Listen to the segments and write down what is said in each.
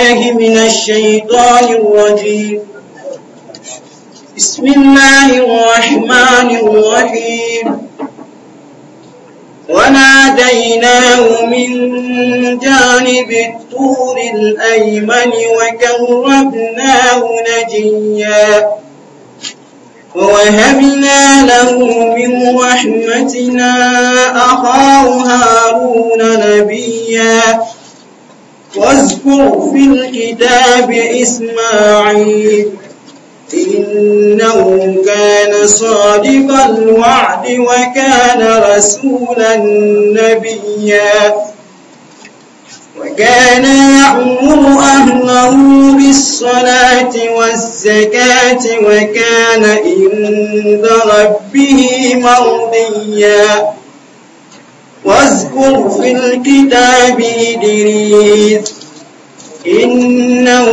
الله من الشيطان الرجيم بسم الله الرحمن الرحيم وناديناه من جانب الطور الأيمن وكربناه نجيا ووهبنا له من رحمتنا أخاه هارون نبيا واذكر في الكتاب إسماعيل إنه كان صادق الوعد وكان رسولا نبيا وكان يأمر أهله بالصلاة والزكاة وكان عند ربه مرضيا واذكر في الكتاب إدريس إنه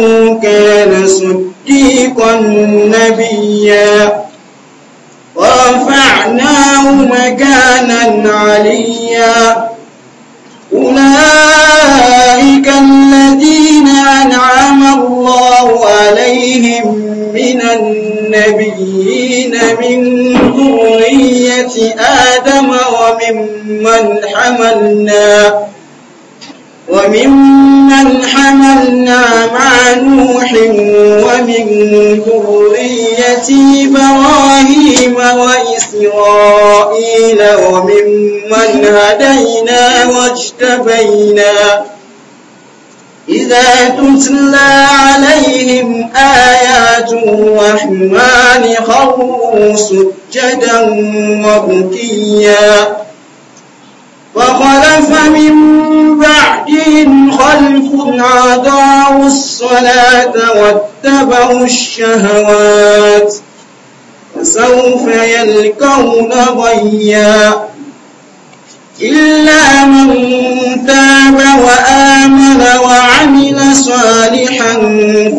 كان صديقا نبيا ورفعناه مكانا عليا أولئك الذين أنعم الله عليهم من النبيين الذين من ذرية آدم وممن حملنا وممن حملنا مع نوح ومن ذرية إبراهيم وإسرائيل وممن هدينا واجتبينا إذا تتلى عليهم آيات الرحمن خروا سجدا وبكيا وخلف من بعدهم خلف عضاعوا الصلاة واتبعوا الشهوات فسوف يلقون غيا إلا من تاب وأ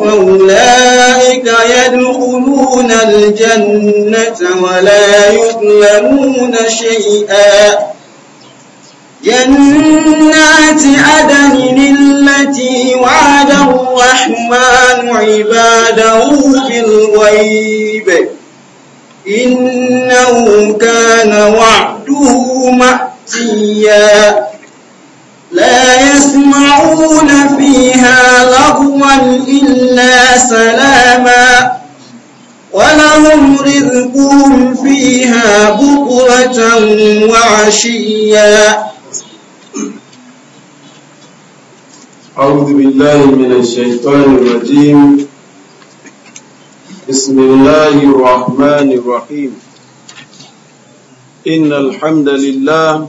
فأولئك يدخلون الجنة ولا يظلمون شيئا جنات عدن التي وعد الرحمن عباده بالغيب إنه كان وعده مأتيا لا يسمعون فيها لغوا إلا سلاما ولهم رزقهم فيها بكرة وعشيا أعوذ بالله من الشيطان الرجيم بسم الله الرحمن الرحيم إن الحمد لله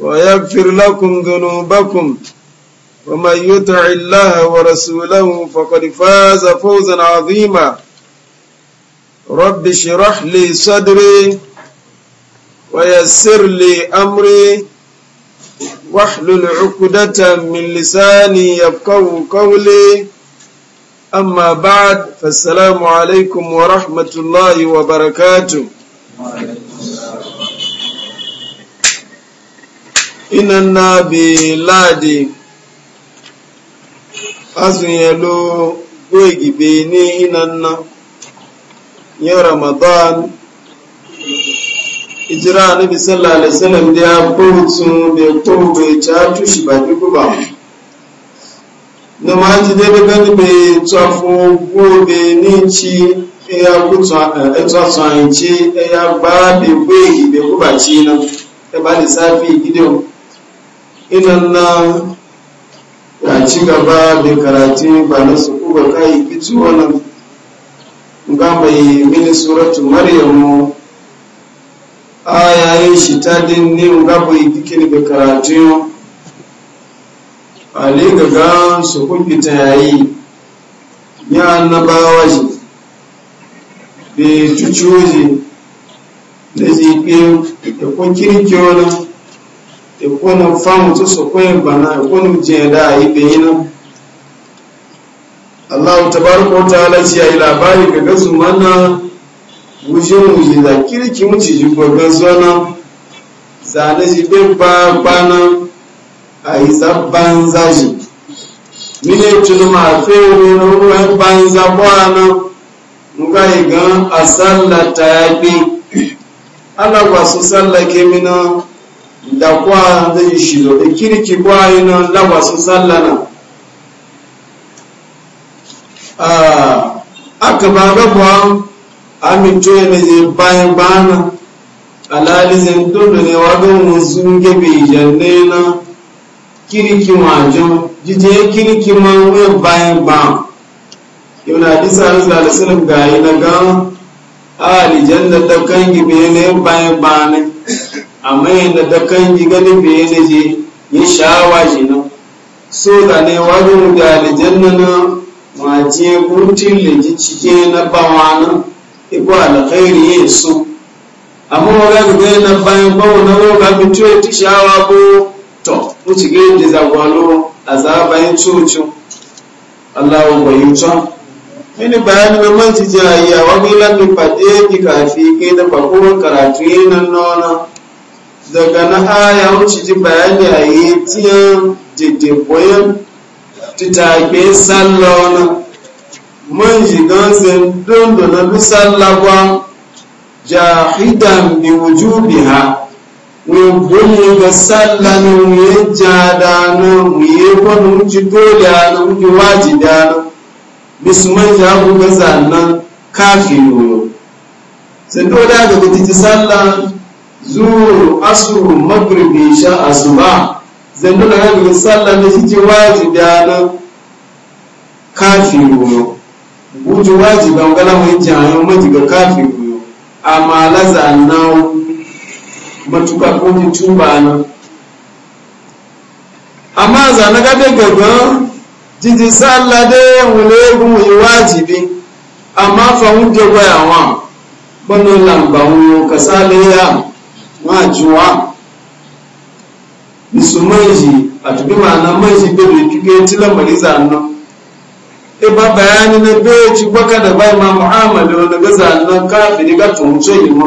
ويغفر لكم ذنوبكم ومن يطع الله ورسوله فقد فاز فوزا عظيما رب اشرح لي صدري ويسر لي امري واحلل عقدة من لساني يفقه قولي أما بعد فالسلام عليكم ورحمة الله وبركاته inanna bi laadi azụnyelu goegibe n'ihina nna nye ramadan ijira anabi sallallahu alaihi wasallam da ya kurutu da ya kurbe ta tushi ba duk e e e ba na ma ji daidai gani bai tafo gobe ni ci ya kutu ya ba ba idan nan ya ci gaba da karatu ba na su kuka kai kici wannan ga mai mini suratu maryamu ayayin shi ta din ne ga bai kikin da karatu ali gaga su kun ta yayi ya annabawa shi. be cucuji da zai da kun kirki wani ikonu famu tu su kun bana ikonu jin da a yi bayin Allah tabaraka wa ta'ala ci yi labari ga gazu mana wuje wuje da kirki muci ji gogan zona zane ji be ba bana ayi zabban zaji mine tunu ma fere na ruwan banza bwana muka yi gan a sallata ya bi Ana ba su sallake mina da kwa zai shizo da kirki kwa yana lagwa su sallana ah, aka ba gaba aminto yana je bayan bana alalizin dundu ne wa gan sun gebe janne na kirki jo. jije kirki ma wani bayan ba yana hadisa alisala salam ga yi na gama. a alijan da ta kan gibe ne bayan ba ne amma yadda da kan yi ganin bai ne je ya sha'awa shi nan so da ne wani da aljanna na maje gurtin leji cike na bawa nan ibu alkhairi ya so amma wa ga yana bayan bawa na wani ga mutu ya ti sha'awa ko to mu ci gani da zagwalo a zabayin cocin Allah wa mini bayani mai manci jayayya wani lamin fade ki kafi kai da bakuwar karatu yanan nona daga na aya wuce ji bayani a yi tiyan jiddiboyin titagbe sallah wani man shigan sin dundun bi sallaba jahidan bi ha? wọn gbóni ga sallah ni wọn yẹ jada na wọn yẹ kwanu wuce dole a na wuce wajida na bisman jagu ga zannan kafin yoyo sai dole ga gaji sallah zuru asuru magribi sha asuba zandu da rabin sallah da shi wajiba na kafiru yo buju wajiba ngala mu jayo ga kafin yo amma laza nawo matuka ko ni tuba na amma za na gabe gaba jiji sallah de wule gun wajibi amma fa wuje gwaya wa bano lamba wo kasale ya wọn àjùwá musulmanji àtúbí ma'ana manji bèbè kígbé tí lamari zanna iba bayani na bèè ci gbaka da bai ma muhammadu na ga zanna kafin ga tunce lima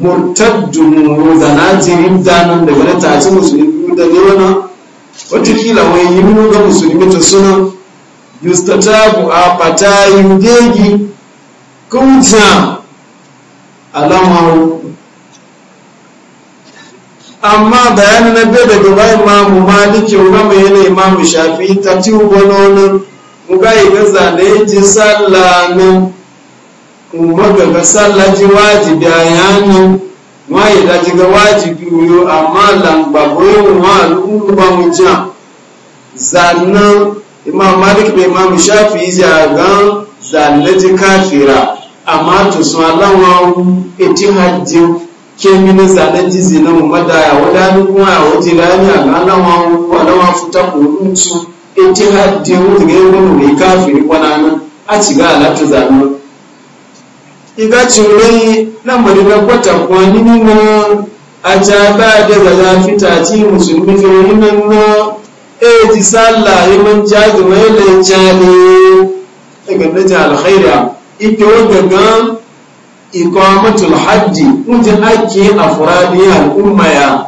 murtaddu mu zana jirin danan daga na tace musulmi da ne wani watakila wani yi minu ga musulmi ta suna yustatabu a fata yi degi kunta amma bayanin na bai daga ba imamu ke ga mai yana imamu shafi ta ci wani muga iga zane ji sallah nan kuma daga sallaji wajibi a yanin ma yi daji ga wajibi wuyo amma lamba boye ma al'umma ba mu ja zannan imam malik da imam shafi jagan zanne ji kafira amma to su alawa itihajjin ke minista na jizi na mumada ya wadani kuma ya waje rani a ganawa wadawa fita kodin su in e ti hadde wuta ga mai kafiri kwanana a ci ga alatu zanen iga cire na kwata kwanini na a ca da zaza fita ci musulmi fiye nan e ti salla yi e man jaji mai lai cani e daga na ji alkhaira ike wadda gan iqamatul hajji kunjin ake a furadi al'umma ya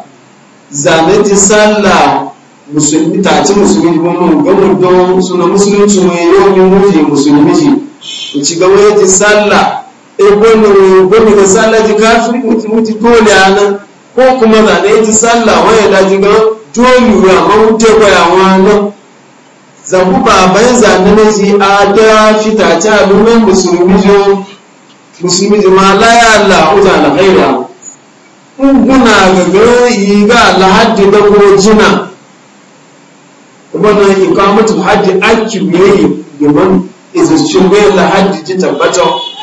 zanati sallah musulmi ci musulmi ba mun ga mu don suna musulunci mai yau ne muji musulmi ji ci ga wayati sallah e bonu bonu da salla ji kafiri muti muti dole ana ko kuma zane ji sallah waye da ji ga dole ya ma mutu ko ya wannan zambu baban zane ne ji a da fitace a lumen musulmi jo musulmi ji ma laya la'uza alghaira nguna gaga yiga lahaddi da ko jina wannan mutu hajji aki yayi domin izircin bai lahaddi ji tabbata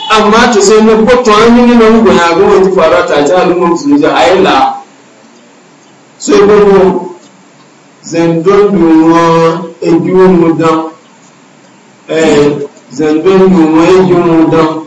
amma ta sai na kwato an yi nan guna gaba ta fara ta ta al'ummar musulmi ji a yi la sai gbogbo zendon domin egiwon mudan eh, zendon domin egiwon mudan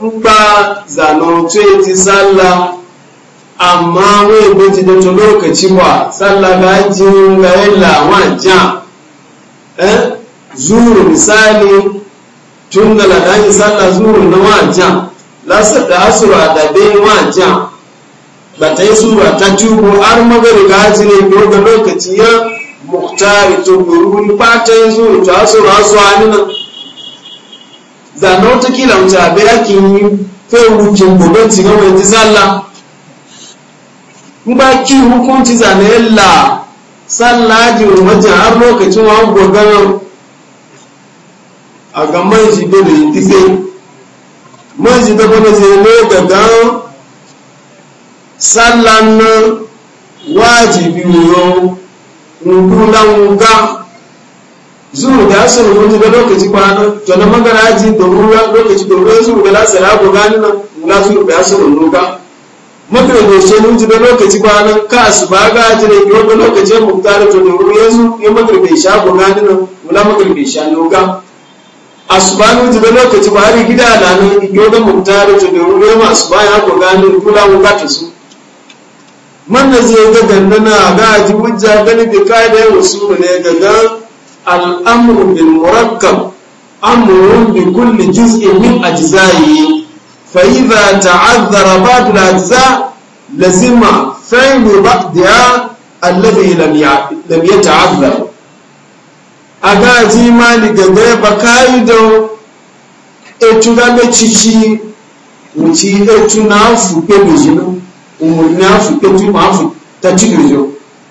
ba zanautu ya ji sallah amma wai gwaji da ta lokaci ba sallah ga jin ga yalla wajen eh zuru misali tun da yi sallah zuru na wajen lasar da asura da bai wajen ba ta yi sura ta tubu har magari ga haji ne ko da lokaci ya muktari to guru ba ta yi zuru ta asura su hannun dànà ó tún yi ọ̀tún àbẹ́ kì í fẹ́ wu kì í gbòdó tì ní wọ́n ti sálà ngbà kí hukun ti zànà ẹ̀ là sálà di òmọ̀jà á lókàtí wọn gbọ̀ gánà àgàmọ́ ìṣìgbè lè dídé mọ́ ìṣìgbè gbọ́dọ̀ ti lé gàgán sálà náà wáàjì bí wòrán nǹkan zuwa da su rubutu da lokaci kwana to na magana ji da ruwa lokaci da ruwa zuwa da lasa rago gani na mula zuru da su rubutu maka da goshe nuji da lokaci kwana ka su ba ga ji da yau da lokaci mu tare to da ruwa yanzu ya maka da shago gani na mula maka da shan loka asubanu ji da lokaci ba har gida na nan yau da mu tare to da ruwa ma ya ko gani kula mu ka su man da zai ga gandana ga ji hujja gani bi kai da wasu ne ga al'amru bil murakkab amrun bi kulli juz'in min ajza'i fa idza ta'azzara ba'd al ajza lazima fa'lu ba'daha alladhi lam lam yata'azzar aga ji mali gaga bakaido etuga be chichi uchi etu na afu pe bejino umuri na afu pe tu ma afu tatigejo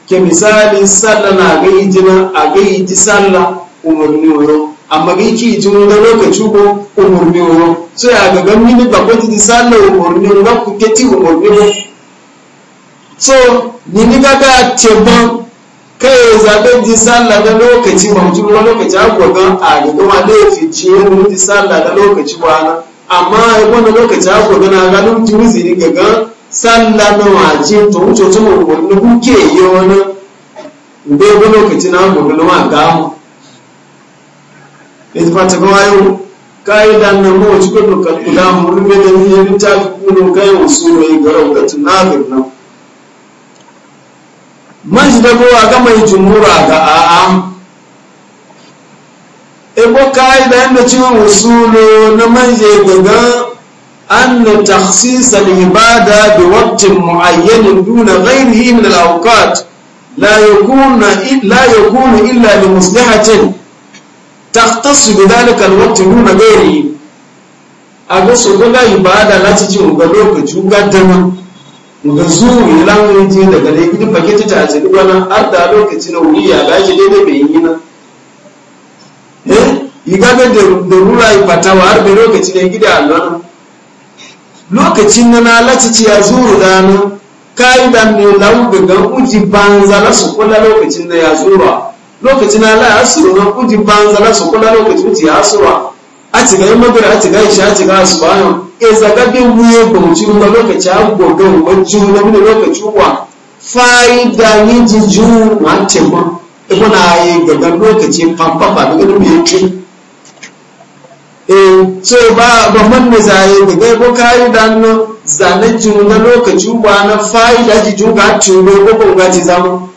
ke misali sallah na ga jina a ga yi sallah umarni oyo amma ga ki ji mun ga lokaci ko umarni oyo so ya ga ga mini ba ko ji sallah umarni ga ku ke ti umarni wuro so ni ni ga ga tebon kai zaɓen ji sallah da lokaci ba mutum wani lokaci a gwagon a gaga ma laifi ce mun ji sallah da lokaci ba amma ya wani lokaci a gwagon a ganin tuzini gaga sallah na waje to wuce to mu wani kuke yi wani bai ga na mu da ma ga mu ne fata ga wayo kai dan nan mu ci ko ka mu rube da ni yin ta ku kai usuro yi garau ka tunaga nan man da kowa ga mai jumura ga a'a ebo kai da yanda ciwon usuro na manje gaga أن تخصيص العبادة بوقت معين دون غيره من الأوقات لا يكون لا يكون إلا لمصلحة تختص بذلك الوقت دون غيره agoso goga ibada لا تجي مبلوك ga lokaci gaddama zuwa lan mun je daga dai gidi faketi ta ce duk wannan har da lokaci na wuri ya gashi daidai da bai yi na eh yi da rura har lokaci da lokacin na na lacici ya zuru dano ka'idan ne lauga ga uji banza la su kula lokacin na ya zuwa lokacin na la asuru na uji banza la su kula lokacin uji asura a ci gai magana a ci gai shi a ci gai su bayan e zaga bi wuye ba mu ciwo lokaci a gobe wajen na mini lokaci wa fa'ida ni jiju ma ce ma ibo e na yi gaga lokaci fanfan ba daga mu yi eh so ba ba man da zaye da gai ko kai dan no zanen jin na lokaci ba na fa'ida ji jin ga tuno ko ko ga ji zamu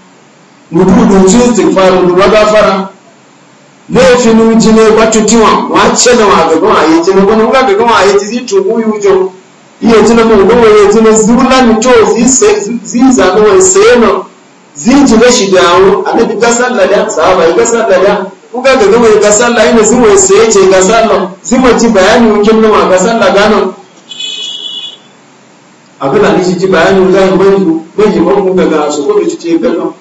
mudu du ji istighfar du ba gafara ne fi nu ji ne ba tutiwa wa ce da wa ga gwa yi ji ne ko ga ga gwa yi ji to ku yu jo iye ji na mu gwa yi ji ne zula ni to zi se zi za no se no zi ji da shi dawo annabi ga sallallahu alaihi wasallam sahaba ga sallallahu alaihi kuka ga zuwa ga sallah ina zuwa sai ce ga sallah zuwa ji bayani mun kin ga sallah gano abin da shi ji bayani mun zai mun mun ji mun kuka ga su ko ci ce nan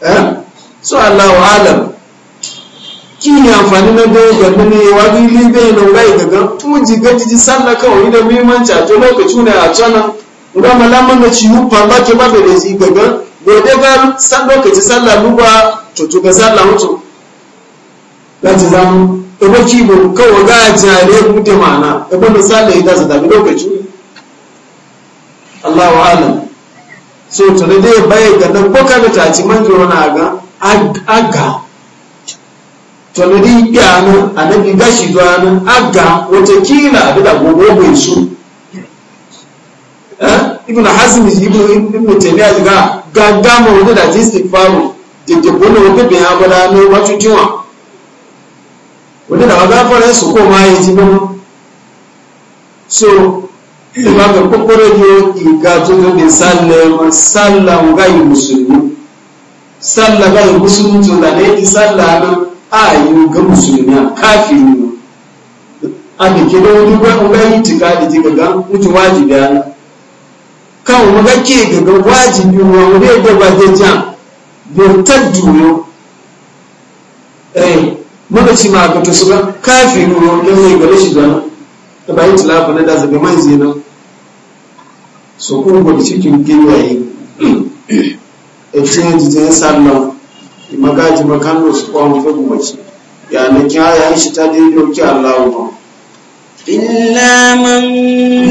eh so Allahu alam ne amfani na dai ga ne wa li bai na urai ga nan tun ji ga ji sallah wani da muhimmanci a to lokacin ne a tsana ngama lamun da ci hu ba ke ba da ji ga nan gobe ba san lokaci sallah mu ba to to ga sallah mutu da ji zamu ba ki bo kawo ga jare mu da mana ba da sallah ita za ta bi lokaci Allahu alam so to ne dai bai ga nan ko ka ta ci manzo ki wani ga aga to ne dai ya nan annabi gashi zuwa nan aga wata kila da gobe bai su eh ibn hazm ibn ibn taymiya ga gaga mo do da istighfaru jeje ko no be ya bada no watu tiwa wanda da ga fara su ko ma yi ji mo so ba ga kokore jo ki ga to do be sallama sallam ga yi musulmi sallah ga yi musulmi to da ne ki sallah na a yi ga musulmi kafiri ne a ke da wani ga yi tika da ga mutu wajibi ana kan waga ke daga wajibi wa wani da ba jan bautar juyo eh muka ci ma ka to su ba kafiru wa da ne gare shi da ta bayin tilafa na da zaga man zina so ko ko cikin giwaye e tiyan jijin sallan magaji makano su kwa mu fa gumaci ya eh, na kya ya shi ta dai dauki Allahu إلا من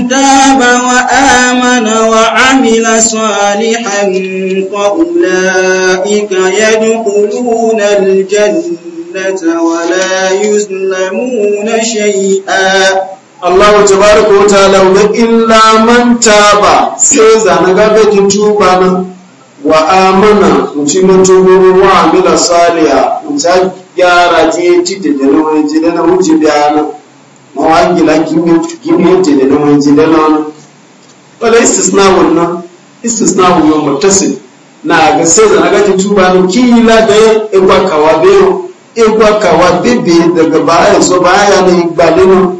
تاب وآمن وعمل صالحا فأولئك يدخلون الجنة ولا يظلمون شيئا Allah tabaraka wa ta'ala wa illa man taba sai zana gaga ki tuba nan wa amana mutum tubu wa amila saliha mutum gyara je ti da da wani je da na wuce da nan mawangila gimiyance da namun jidan wani wala istisna wannan istisna wannan mutasi na ga sai da naga ta tuba no kila da igwa kawa beyo igwa kawa bibi daga baya so baya ba igbalino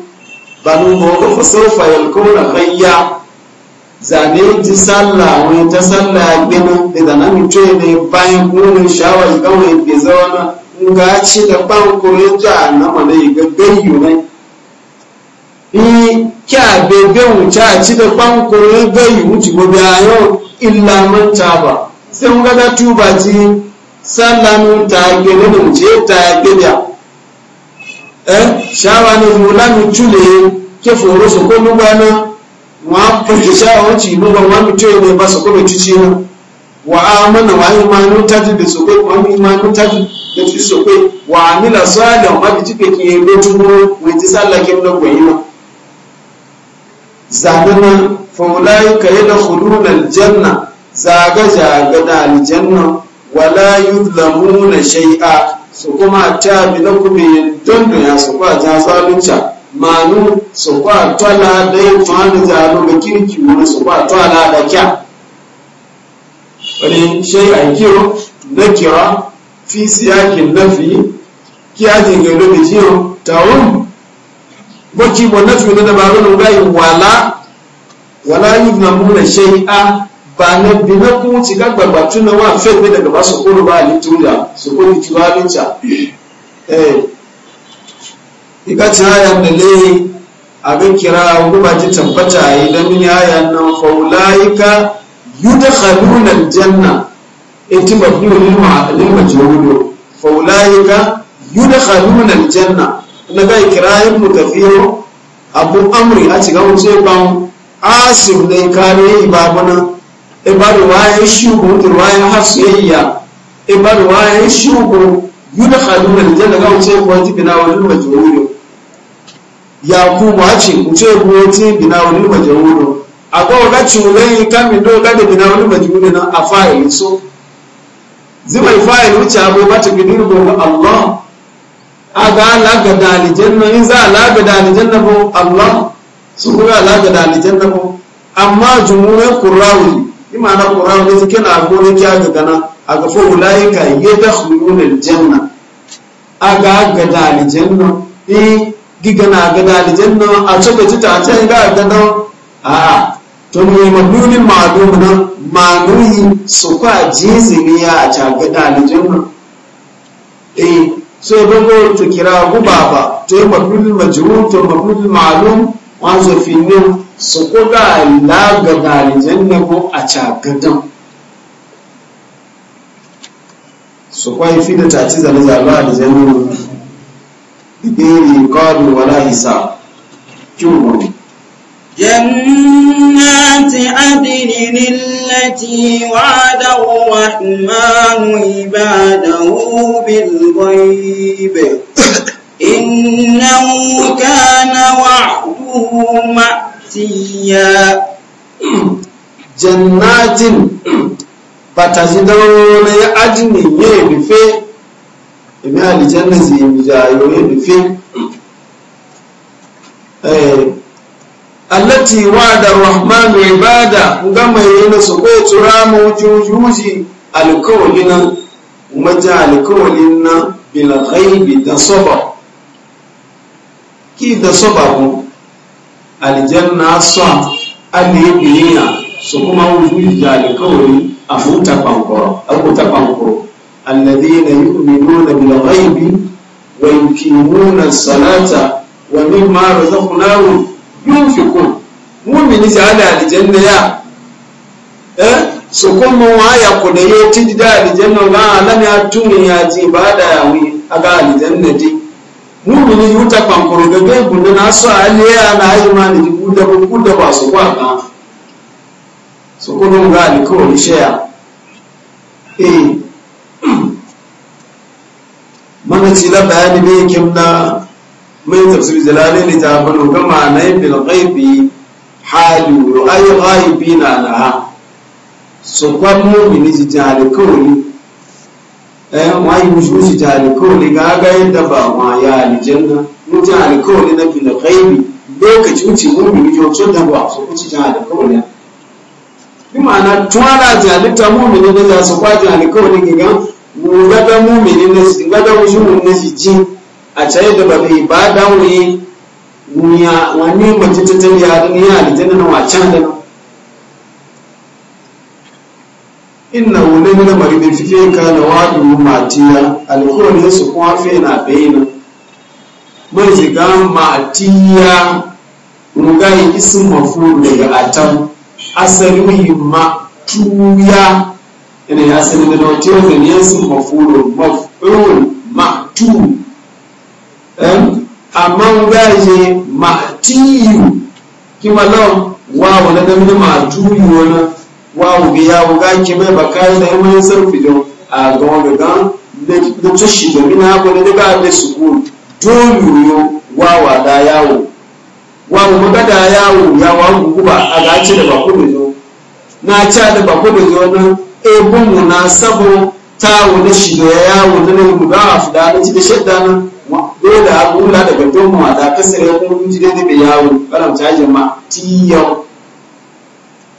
banu mo ko sofa yal kuna khayya zane ji salla wani ta salla gina e da da nan ce ne bayan gurin shawar gawai ke zauna ga ci da ban ko ya e ja na mana ga gayyu ne kí àgbègbè òǹtí àti ìdẹ́pánkùnrin bẹ́yìí ń ti gbogbo ayọ́ ìlà mọ́ntàbà tí wọ́n gádá túbà ti ba tààgbé nínú tí ó tààgbé ẹ́ ṣáwa ni mo lánàá túlẹ̀ kí fòrò sọ́kó lúgbà náà wọ́n pèsè ṣáwa ó ti lúgbà wọ́n mi tó ẹ̀rọ bá sọ́kó lè títí náà wà á mọ̀nà wà á yẹ máa ń tájú lè sọ́kó wà á máa ń tájú lè fi sọ́kó wà á nílà sọ́ọ̀dà zanana faulai ka yi da hulunan janna zaga zaga aljanna wala yuzlamu na shai'a su kuma ta bi na kuma yin dandoya su kwa ta zalunca manu su kwa tala da yin tuwanu zalo ga kirki wani su kwa tala da kya wani shai'a kiro na kira fi siyakin nafi kiyatin gado da jiyo tawon bọ́kí bọ̀ náà fi dada bàbá ló gáyé wàlá wàlá yìí na mú na ṣe a ba na bi na kú ti ká gbàgbà tún na wà fẹ́ gbé daga bá sokoro bá lè tó ya sokoro ba bá lè ta ìka ci haya da lè abin kira ba ji tabbata yi da mini haya nan faulayika yudkhaluna aljanna itiba e biyu lil ma'alil majhulu faulayika yudkhaluna aljanna na ga kira ibnu kathiro abu amri a cikin wuce ban asim ne kare ibabuna e ya wayan shugo e wayan hasiyya ibaru wayan shugo yudkhaluna aljanna ga wuce ko ti bina wal majhul yakubu ku ce wuce ko ti bina wal a akwai ga culai kami do ga da bina wal majhul na afa'il so zima fa'il wuce abu ba ta Allah aga alaga da alijanna in za alaga da alijanna ko Allah su kuma alaga da alijanna ko amma jumu'in qurrawi imana qurrawi ne cikin agore ki aga gana ka yi ta yadkhuluna aljanna aga aga da alijanna eh, in na aga da alijanna a cobe ci ta ce ga aga da a to ne mabunin ma'adun nan manuyi su kwa jizini ya a ta ga da alijanna eh, sai bako to kira ba to yi mabnul majrur to mabnul ma'lum wan zo fi nim su kuga la ga galijan ko a cagadan su kwai fi da ta ci zane zaba da zanen bidiri kawai wala isa kyau جنات عدن التي وعد الرحمن عباده بالغيب إنه كان وعده مأتيا جنات batazidawon ya ajini ya rufe ime alijanna zai allati wa'ada rahman ibada gama yana su ko tsura mu jujuji alkawlina maja alkawlina bil da saba ki da saba ko aljanna sa alibiya su kuma wujuji alkawli afuta pankoro afuta pankoro alladhina yu'minuna salata wani mimma razaqnahum yunfikun mumini si ada alijanna ya eh so kuma waya ko da yau tidi da alijanna ga alam ya tuni ya ji ibada ya wi aga alijanna di mumini yuta ko da ga bunda na so aliya na imani di buda ku buda ba su kwa ka so kuma ga ni ko ni share eh mana ci la bayani be kimna من تفسير جلالين تعبلوا كما نيب الغيب حال رؤي غائبين لها سقط مؤمن جتال كوني wai musu ta alkawali ga ga yadda ba ma ya aljanna mutum alkawali na bil ghaibi lokaci wuce mu'mini jo da ba su kuci ta alkawali bi ma'ana tuwala ta halitta da za su kwaje alkawali ga mu ga da da musu mun ne a caye da babe ba dawoye ya wani mace ta ya duniya da tana na wacan da na inna wani na mari da fike ka na wadu matiya alkuwan ya su kuma fe na bayina mai shiga matiya mugayi isin mafu daga atam asali muhimma tuya ina ya asali da na wata yau da ne yasin mafu da mafu amma gaje ma'tiyu kima lawan wawo na damini ma'tuyu wani wawo ga yawo ga ki mai bakai da yamma sarfi don a ga wanda na da tashi da mina ko da daga da suku dole yo da yawo wawo maga da yawo yawo a ga ci da bako na da na na sabo shi da ne da ci da shedda na dole a kula daga domin wata kasar ya kuma kunji daidai bai yawo karam caji ma tiyan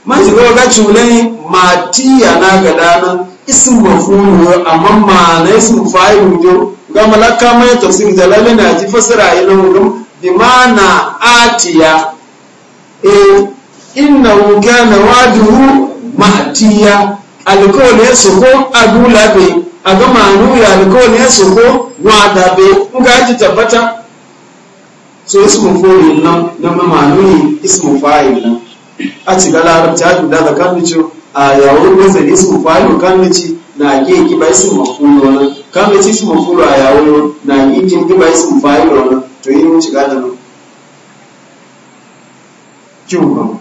man shiga ga culai ma tiya na ga dana isin mafulu amma ma na isin fa'ilu jo ga malaka mai tafsir jalalin na ji fasara ina wurin bi mana atiya e innahu kana waduhu mahtiya alkawli ko adula bai a ga manu ya alkawali ya soko wa dabe muka ji tabbata so ismu fori nan na mamanu ismu fa'il nan a ci ga larabci a da da kan ci a yawo wazan ismu fa'il kan ci na ke ki ba ismu mafulo nan kan ci ismu mafulo a yawo na ke ki ba ismu fa'il nan to yi mu ga da nan kyau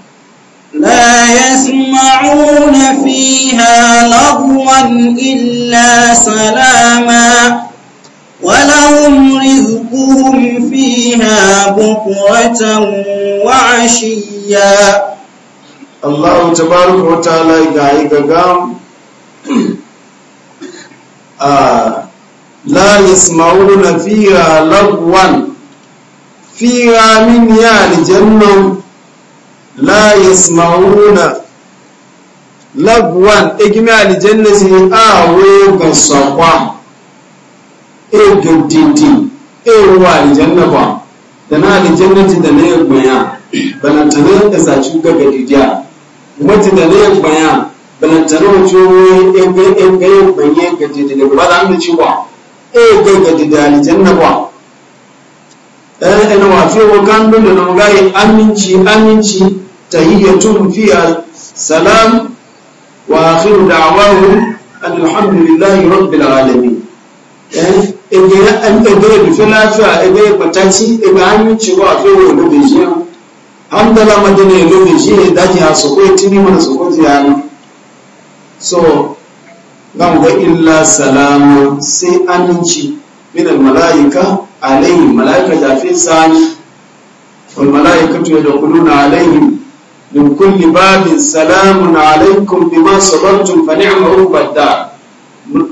يسمعون فيها لغوا إلا سلاما ولهم رزقهم فيها بكرة وعشيا الله تبارك وتعالى يقعيك قام آه، لا يسمعون فيها لغوا فيها من يعني جنة لا يسمعون lagwan egime alijanna si awo gasakwa e didi e wa alijanna ba da na alijanna ti da na ya gbaya balantana ya saci ga didiya mati da na ya gbaya balantana wace wani ebe e ya gbanye ga didida ba da hannu ci ba e ga ga didida alijanna ba ɗan eh, ɗan wafe wa kandun da na magayi aminci aminci tun fiya salam واخر دعواهم ان الحمد لله رب العالمين ẹgbẹ́ ẹgbẹ́ ìdúfẹ́ láfíà ẹgbẹ́ ìpàtàkì ẹgbẹ́ ayúnci wà fẹ́wọ̀ olóbèjì hàn hamdala madina olóbèjì ìdájì àsọ̀kọ́ etí ní wọn àsọ̀kọ́ ti yára so gbàǹgbà ilá sàlámù sí aminci minan mala'ika alayhi mala'ika jafi sani wal mala'ika tuyadda kuluna alayhim min kulli babin salamun alaikum bima sabartum fa ni'ma uqbad dar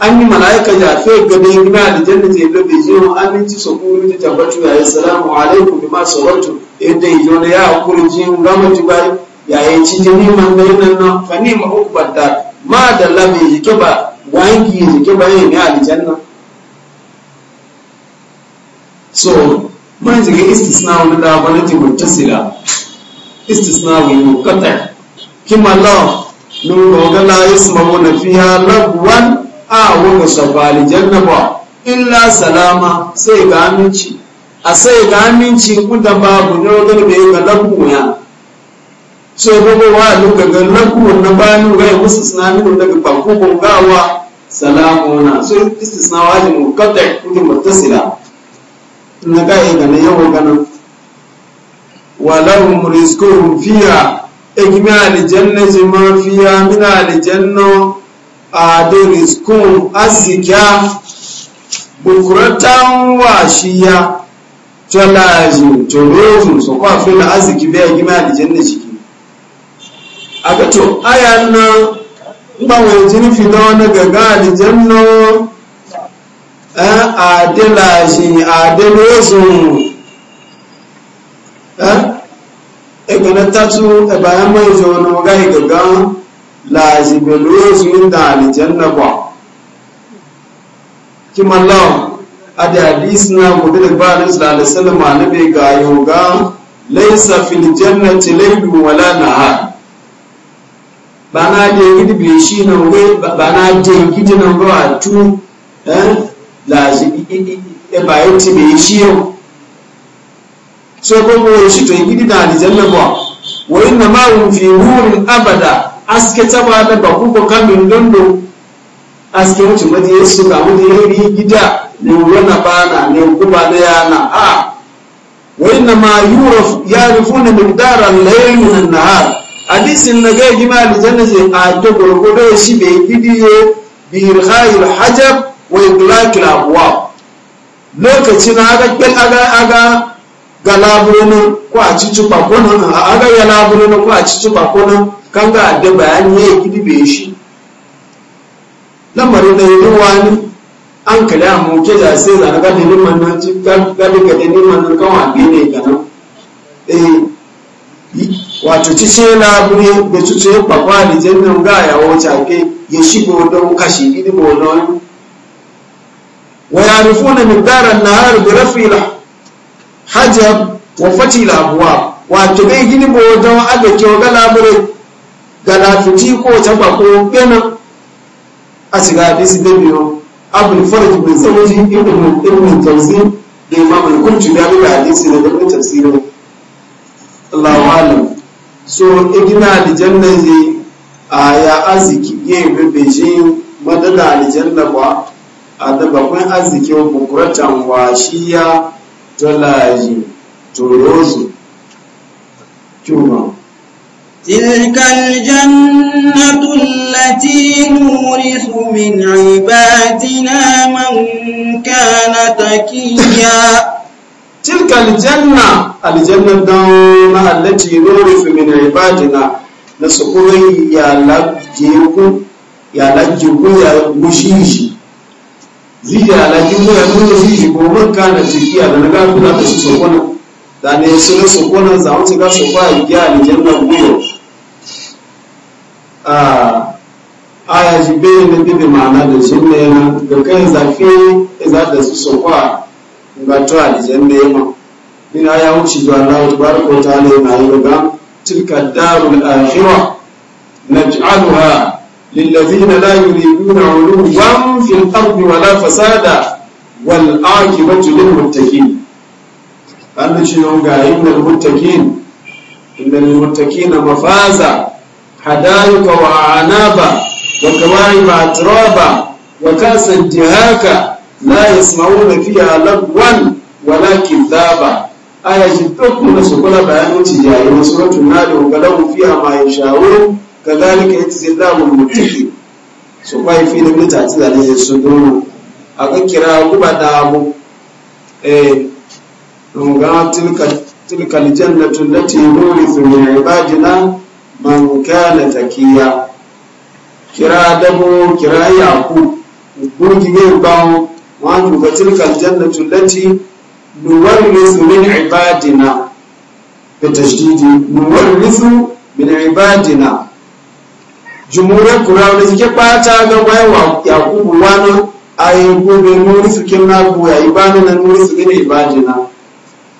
an yi malaika ya fe gabe gina da janna ce da bai jiyo aminci so ko ni tabbatu ya salamu alaikum bima sabartum idan yi ne ya hakuri jin gama ji bai ya yi ci jini man da yana nan fa ni'ma uqbad dar ma da labe yake ba wangi yake ba yin ya aljanna so mun ji ga istisna wannan da wani mutasila istisnawi muqatta kima law nuru ga isma yasmahu na fiha lagwan a wa shabali jannaba illa salama sai ga aminci a sai ga aminci kuda babu ne ga ne ga lagwuya so gogo wa luka ga lagwun na banu ga musu sunanin daga bakubun gawa salamuna so istisnawa ji muqatta kudu muttasila na ga ga na yawo ganan walahum rizquhum fiha egimi alijannati ma fiha min alijanna ado rizquhum azika bukuratan washiya tolazu tolozu so kwa fila aziki be egimi alijanna ciki agato ayan na ngbanwe jini fido na gaga alijanna eh adelaji adelozun eh na tatu e bayan mai zo na magai gaga lazime lozu da aljanna ba kimallahu ada hadis na gobe da ba Alaihi sallallahu alaihi ga yoga laisa fil jannati laylu wala nahar bana de gidi bi shi na we bana de gidi na go atu eh la e ba yiti be shi yo so ko go shi to gidi da aljanna ba wa inna ma hum fi nurin abada aske taba da baku ko kamin dondo aske wuce madi suka ga madi yari gida ne wana bana ne kuba na yana a wa inna ya yuraf yarifuna miqdara al-layli nan na nahar hadisin na gaji ma da je a to gorgodo shi be gidiyo bi irgha'il hajab wa iglaqil abwab lokacin aga aga aga ga labunin ko a cici bakonan a aga ya labunin ko a cici bakonan kan ga da bayani ya gidi bai shi lamarin da yi wani an kala a ke da sai za a da liman nan ci ga ga da liman nan kan wabi ne ga nan eh, wato cice labure da cice bakwa da jannan ga ya wuce ke ya shi don kashi gidi wa ya wa na miqdaran nahar bi rafi'il hajar wa fati labuwa wato bai gini bo don aga kyau ga lamurai ga lafiti ko taba ko bena a shiga hadisi da biyu abul mai bin zawji ibn ibn tawzi da imam al-qurtubi da bi hadisi da da tafsirin Allahu alam so igina da ne a ya arziki ya yi bebeji madada aljanna ba a da bakwai arzikin bukuratan wa shi ya tọ́láàájì tòròzù kíwọ́n. Tìlkà jẹ́nà tó láti múrí fún mi nà ìbá tí náà máa ń kánà takíyà. Tìlkà jẹ́nà alìjẹ́nà dánwò máa lẹ́tì lórí fún mi na sọ kúrò yà lájẹ̀kú yà gúṣíṣì. zidi alakin mu ya nuna fiji ko makka na jiki da na naga kula da su sokona da ne su na sokona za mu ga sofa ya ga aljanna guyo a aya ji be ne bi ma'ana da sunna yana da kan zafi za da su sofa ga to aljanna yana ina ya wuce zuwa da Allah tabaraka wa ta'ala yana yi ga tilka darul akhirah naj'alha للذين لا يريدون علوا في الأرض ولا فسادا والعاقبة للمتقين أنا شنو إن المتقين إن المتقين مفازا حدائق وأعنابا وكواعب أترابا وكأسا دهاكا لا يسمعون فيها لغوا ولا كذابا آية جدتكم سكولا بيان تجاري وسورة النار وقالوا فيها ما يشاءون kazalika yajzillahu muttaqin so kwa ifi ne muta ti da ne so doro aka kira kuma da abu eh runga tilka tilka aljannatu allati nurithu min ibadina man kana takiya kira mu kira yaku gurgi ne bawo wa ruga tilka aljannatu allati nurithu min ibadina min ibadina jumuran kurawa wani suke kwata ga waiwa yakubu wani a yanku da nuri suke nagu ya yi bani na nuri suke da ibadina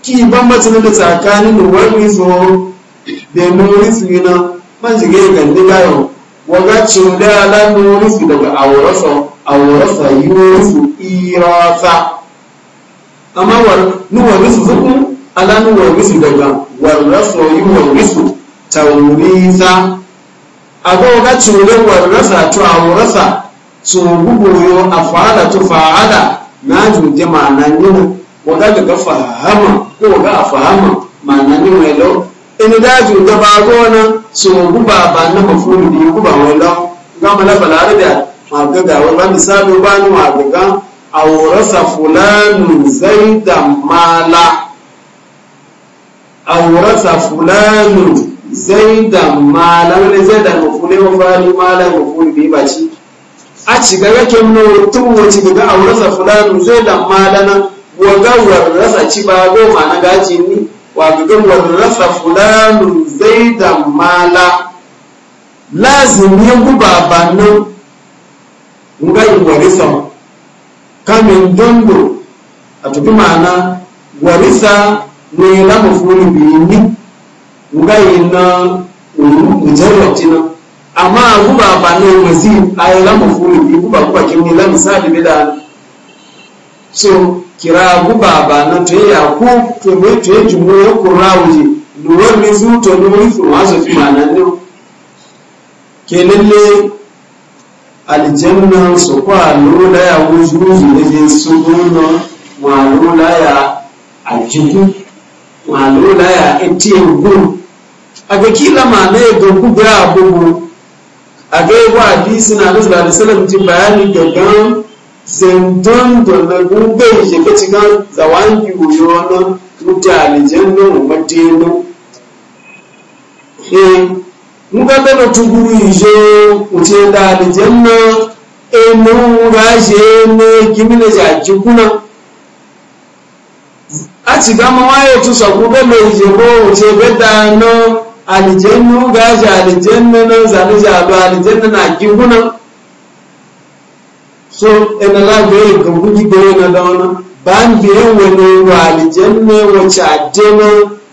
ki bambacin da tsakanin wani rizo da nuri suke na man jige ya gandi layo waga da ala nuri su daga awurasa yi yiwuwar su irasa amma nuwar su zukun ala nuwar rizo daga warrasa yiwuwar rizo taurisa agoga curen warrasa cuwarrasa tsohu gugoyo a fa'ala ta fa'ala na juje ma'anan yana waga daga fahama ko ga a fahama ma'anan yana yalo in da juje ba gona su guba ba na mafulu da yi guba wala ga na balare da maga ga ba misali ba ni ma daga awrasa fulanun zaidan mala awrasa fulanun zaidan malar ne zaidan mafule wa mafani malar mafuni bai ba ci a ci ga yake wutun wuce daga a aurasa fulani zaidan malana wa ga warrasa ci ba goma na gaji ni wa ga rasa fulani zaidan mala lazim guba bannan ngai warisa kamin dondo a tuki ma'ana warisa ne na mafuni bai ni ngai na mujarrati na amma guba ba ne mazi ay la mafulu bi guba guba kin ni la misali so kira guba ba tuye to ya ku to be to ya jumu ya kurawuje duwar mi zu to no ri fu ma so fi ma nan ne kenan ne aljanna su kwa lola ya wuzu ne je su gono ma lola ya aljihu ma lola ya etien gun agakila mana ya ga kuga abubu a ga yi wa hadisi na alaihi da salam ji bayani gangan zendon da na guga ya shiga cikin zawan biyu na mutane jannan madinu eh muga da na tuguru ijo uce da aljanna e mun gaje ne kimina jaki kuna a ci gama waye tusa guga mai jebo uce beda alijannu gashi alijanna nan zane jalo alijanna na gihunan so ina la gbe gangu gi gbe na da wani ban bi yan wani wa alijanna wace adena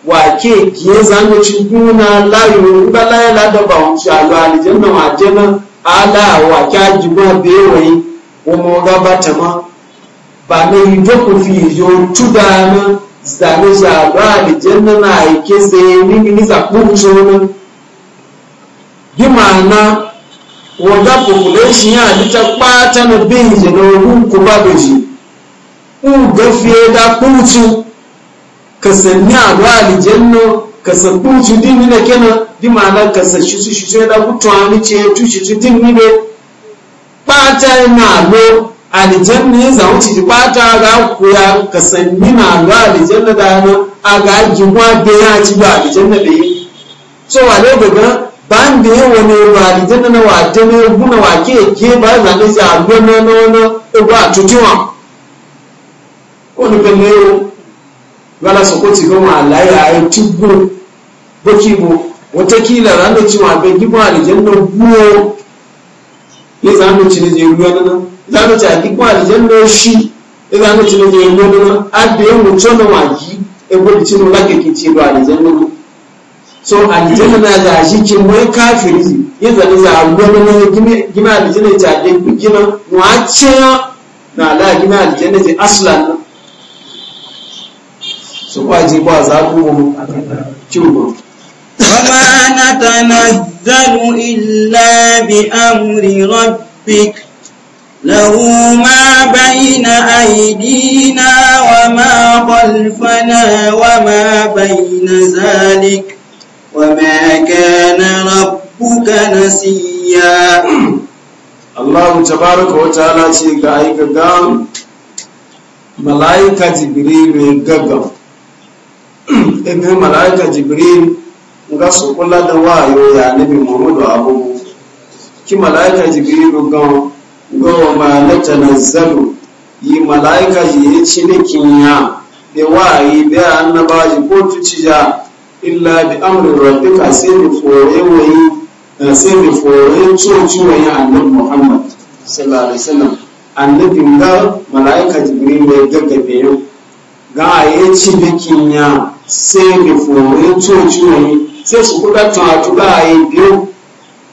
wa ke kiye zane ci guna layu ba laye la da ba wuce alo alijanna wa adena ala wa kya jigwa be wai wa mo gabata ma ba ne yi dokofi yo tudana zane zaba da janna na aike sai ni ni za ku kuce wani bi ma'ana wanda population ya lita kpata na bin je na ogun ku ba da ji un gafiye da kucu ka sanni a ba aljanna ka san kucu na kenan bi ma'ana ka san shi su shi da kutuwa ni ce tu shi din ni be kpata na lo alijanna ya zawo ci bata ga kuya ka sanni na ga alijanna da na a ga jigwa da ya ci ba alijanna da yi so a ne daga ban da yawa ne ba alijanna na wata ne guna wake ke ba za ka ci a gona na wani ugwa e tutuwa Wani ni kan ne yau gala su ko ci goma alaya a yi tugbo baki bo watakila ranar ci wa ga gima alijanna buwo ya zama ci ne je ruwa na na. zanu ta ki kwa lijen do shi e zanu ti no ye ngodo na abe mu chono wa yi e bo ti no lake ki ti do so alijen na za shi ki mo kafiri ye zanu za ngodo na gime gime ta de ku gina mu a ce na ala gime alijen aslan na so kwa ji kwa za ku mu ciwo وما نتنزل إلا بأمر ربك له ما بين أيدينا وما خلفنا وما بين ذلك وما كان ربك نسيا الله تبارك وتعالى شيء قائق قام ملائكة جبريل قام إنه ملائكة جبريل قصوا كل دواء يا نبي محمد وابوه كي ملائكة جبريل قام gowa ma na tanazzalu yi mala'ika yi ya ci nikin ya da wa'ayi da annaba ji ko tuciya illa bi amrin rabbika sai bi fore wayi eh, sai bi fore coci wayi annabi muhammad sallallahu alaihi wasallam annabin da mala'ika jibril mai gaggabe yau ga a yi ci ya sai bi fore coci wayi sai su kuɗa tun a tuɗa a yi biyu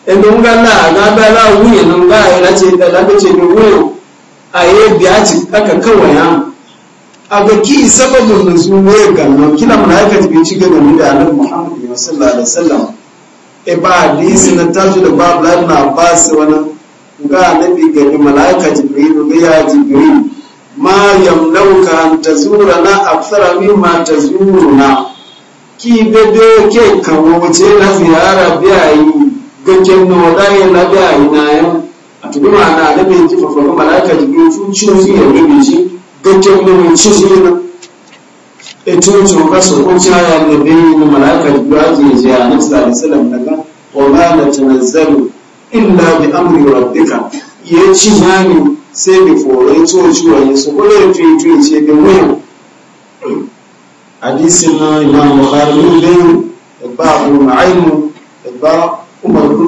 ebe nga la ga ba la wuye no ba ya la ce da la ce ni wuye aye biya ci aka kawai ya aga ki sababun nuzul ne ga no kila malaika ta ci ga ni da annabi Muhammad sallallahu alaihi wasallam e ba hadisi na da ba la na ba su wani ga annabi ga ni malaika jibril ga ya jibril ma yamnauka an tazura na akthara mimma tazuruna ki bebe ke kawo ce na ziyara biya yi Gaken na wadayen labiya a a tuɗi ma'ana da mai jifa faru malaka da biyu tun cin su ya rube shi gajjen na mai ci su yana e tun tun ka su kun caya da biyu na malaka da biyu ake je a nan sallallahu daga wa ma la tanazzalu illa bi amri rabbika ya ci yani sai bi forai to ci wa yesu ko da tuyi tuyi ce da wayo hadisin na imam bukhari ne da babu ma'aimu da ba. umaru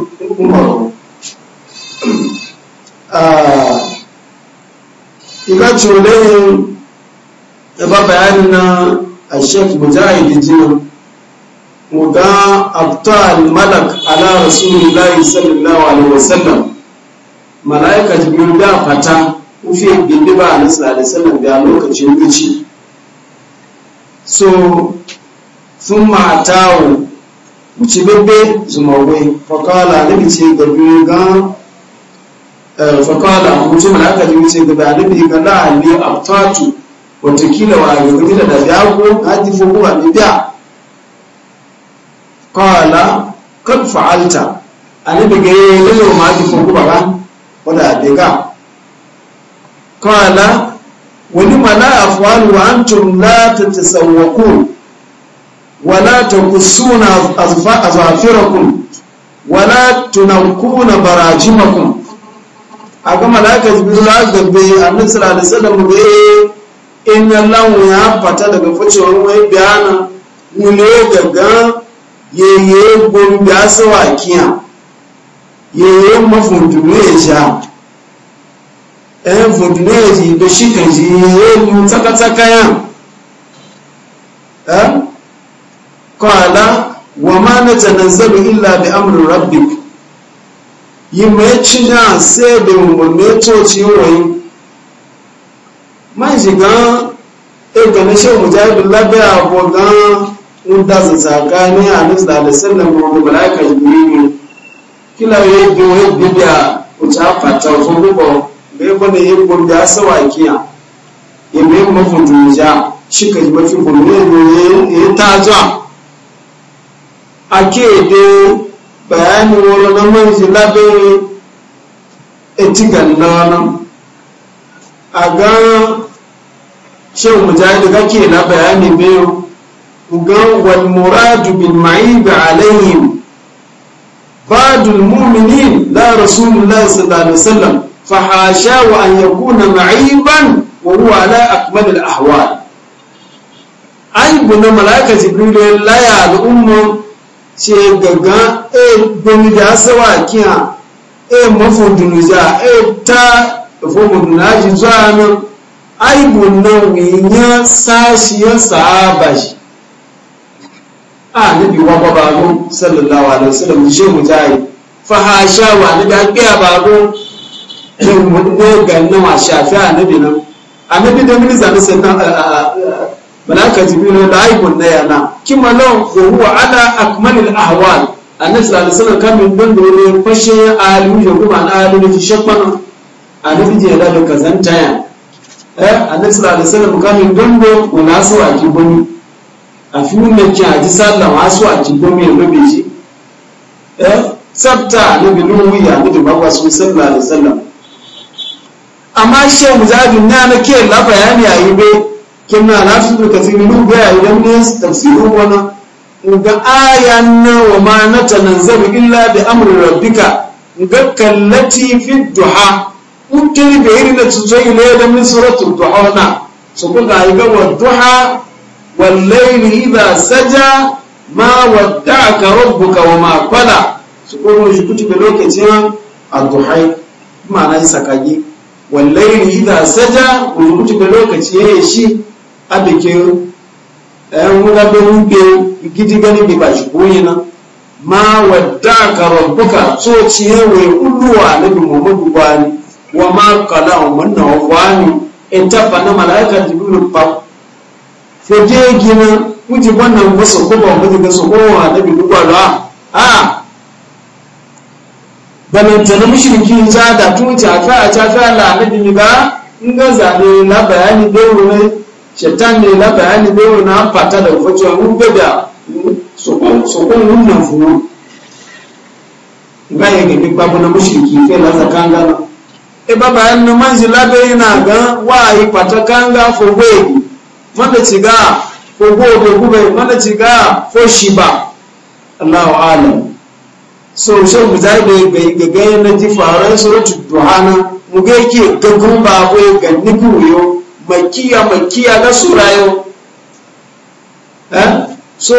iga cunayin da ba bayanin na a sheik mujahid jinan muga abtal malak ala rasulillahi sallallahu alaihi wasallam malaika jibril da fata ufe bindiba a nasu alaihi sallam da lokacin rici so sun matawo wuce bebe zumawai fakala nabi ce gabi ga eh, fakala mutum malaka ne wuce gabi alibi ga la'ali abtatu watakila wa gabi da dabiago hadi fuku ba biya. kala kan fa'alta alibi ga yi lalo ma hadi fuku ba ba wadda ga. kala wani mana afuwalu wa antum la tatasawwakun ولا تقصون أظافركم ولا تنقون براجمكم aga malaka jibril ya gabe annabi sallallahu alaihi wasallam be in Allah ya fata daga ficewar wai bayana mune gaga yeye gun da sawa kiya yeye mafundu ne ja eh fundu ne ji da shi kan ji yeye mu tsaka tsaka qala wa ma na natanazzalu illa bi amri rabbik yimechi na se de umarni toci woyi man shiga ega na shehu mujahidin labiya ko gan wanda su tsakani a nasu da alisallan da malaka ne. kila ya yi biyu ya bibiya ta fata wasu Bai da ya bane yin gurbi a sawakiya ya mai mafi dunja shi ka yi mafi gurbi ya yi ta zuwa akéde bẹẹni wọn lọ lọmọ ìṣe lábẹrẹ etí gànán agan ṣé òmùjá ẹni kákì ẹ lábẹrẹ ẹni bí o ngan wàlmùrá dùbì màáyì gbà àlẹyìn báàdù múmini lára súnmùlá ìsìlànà sílẹ fàhàṣẹ wà ṣe gangan e gbomi da asawa kiya e mafudunu za e ta fomudunu aji zuwa nan aibu nan wiyan sashiyan sahaba shi a nabi wa ba babu sallallahu alaihi wasallam shi mu jayi fa hasha wa ni da kiya babu ne ganna wa shafi a nabi nan a nabi da mun zane sai malaka jibril da aibun na yana kima lawan huwa ala akmalil ahwal annabi sallallahu alaihi wasallam kamin don dole fashe alu ya kuma na alu da shakman annabi je da kazanta ya eh annabi sallallahu alaihi wasallam kamin don do wala su a jiboni a fiun da aji sallah wa su a jiboni ya rubi ji eh sabta annabi nuhu ya annabi bawa su sallallahu alaihi wasallam amma shehu na na ke la bayani ayi be kina na shi da mun ruga ya idan ne tafsirin wani ga ayan na wa ma na zabi illa bi amri rabbika ga kallati fi duha mutum da irin da tuzai ne da min suratul duha na su ku ga ga wa duha wal layli idha saja ma wadda'aka rabbuka wa ma qala su ku shi kuti da lokacin ad-duha isa kage wal layli idha saja ku kuti da lokaci yayin shi abikin ɗayan eh, wulabin rufe gidi gani bi ba shi koyi na ma wadda ka rabbuka so ciye wai ulluwa na bi muhammadu gwani wa ma kala umarna wa gwani in tafa na mala'ika jibiru ba fode gina wuce wannan ba su kuma wani ga su kowa na bi gwani a ah, ah. balantana mushrikin za da tuta ka a ta ka la na bi ga in ga zabe na bayani bai wurin shaitan ne la bayani bai na pata da kwacewa mun mu sokon wannan funo ga yake duk babu na mushriki fe la kanga na e baba yan manzi la be na ga wa yi pata kanga fo gwegi manda ciga ko gobe gube manda ciga fo shiba Allahu alam so so mu zai be bai ga ga na ji faran suratul duhana mu ga yake gagun ba ko ga niku yo makiya makiya na surayo eh so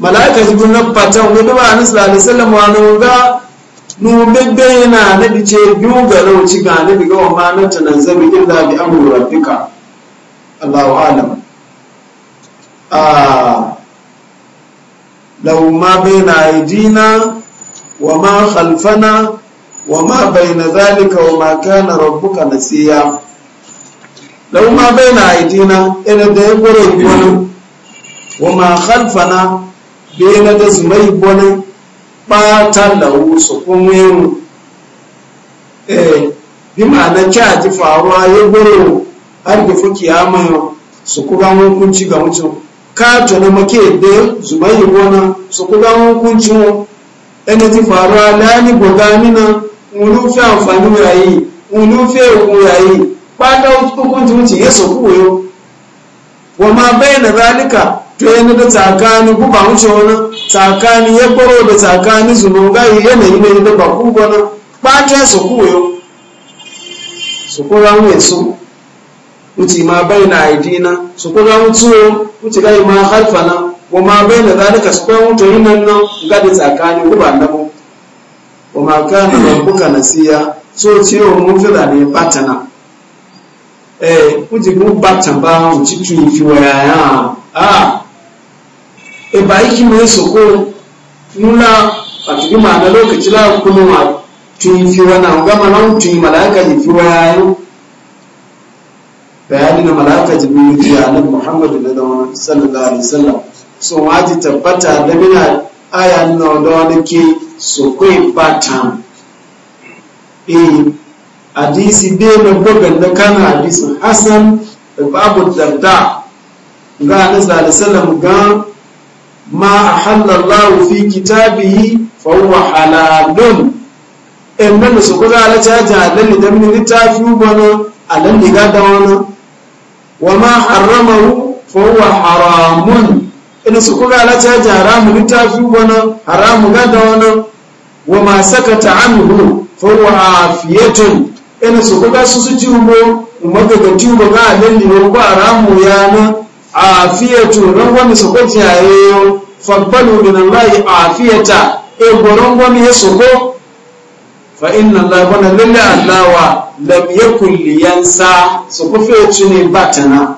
malaika jibril na fata ngo do an sallallahu alaihi wasallam wa no ga nu bebe na na bice biyu ga no ci ga na biga wa mana zabi illa bi amri rabbika allahu alam ah law ma baina aidina wa ma khalfana wa ma baina dhalika wa ma kana rabbuka nasiya lau bai na aidina ina da ya gore wani wa ma halfana bai na da zumai wani ɓata lau su kuma yin bi ma'ana kya ji faruwa ya gore har da fuki ya mayo su kuma hukunci ga mutum ka tona make da zumai wani su kuma hukunci ẹni ti faruwa lani boganina wulu fi amfani yayi wulu fi ekun fata hukunci wuce ya sauku wuyo wa ma bayyana zalika to yana da tsakanin guba wuce wani tsakanin ya baro da tsakanin zuno gayi yanayi na yadda ba ku gwana fata ya sauku wuyo su kura wuce su wuce ma bayyana aidina su kura wuce wuce gayi ma harfana wa ma bayyana zalika su kura wuce yi nan nan gadi tsakanin guba na mu wa ma kana rabbuka nasiya so ciwo mun da ne fatana eh kunje kun bata ba mu ci tun fi waya ya a e ba yiki soko nuna a ma na lokaci la kuma ma tun fi wana ga ma nan tun malaka ji fi waya ya bayani na malaka ji bi ji muhammadu da so tabbata da mina aya na da wani ke soko bata hadisi dai na bugan na kana hadisin hasan babu darda ga annabi sallallahu ga ma ahalla Allah fi kitabihi fa huwa halalun en nan su ko ga la jaja lalle da min littafi bana alan ga da wana wa ma harama fa huwa haramun in su ko ga la jaja haramu littafi bana haramu ga da wana wa ma sakata anhu fa huwa afiyatun ina su kuka su su tubo magaga tubo ga alin liwar a ramu ya na a fiye turan wani su ko tiyaye fabbalu min allahi a fiye ta e goron wani ya su ko fa inna allahi wani lalle allawa lam yakun liyansa su ku fiye tuni batana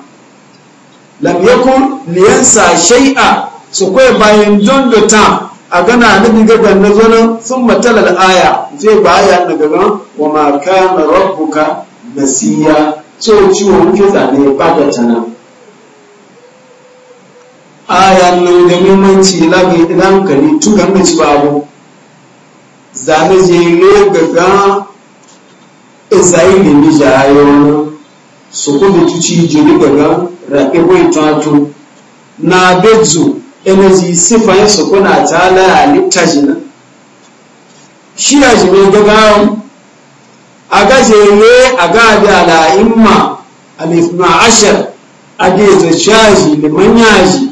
lam yakun liyansa shai'a su ko e bayan don da ta a gana nabi gaban na zo sun matalar aya zai baya na gaban wa na rabuka na siya so ciwo muke zane ba da tana aya na da mimanci labi idan kali tukan da ci babu zane je ne gaga da su kuma tuci jini gaga rabe bai tatu na bezu energy sifayin su kuna ta halitta jina shi na shi mai gagawan a gajere a gabi ala'imma alifma ashar a gezo shaji liman yaji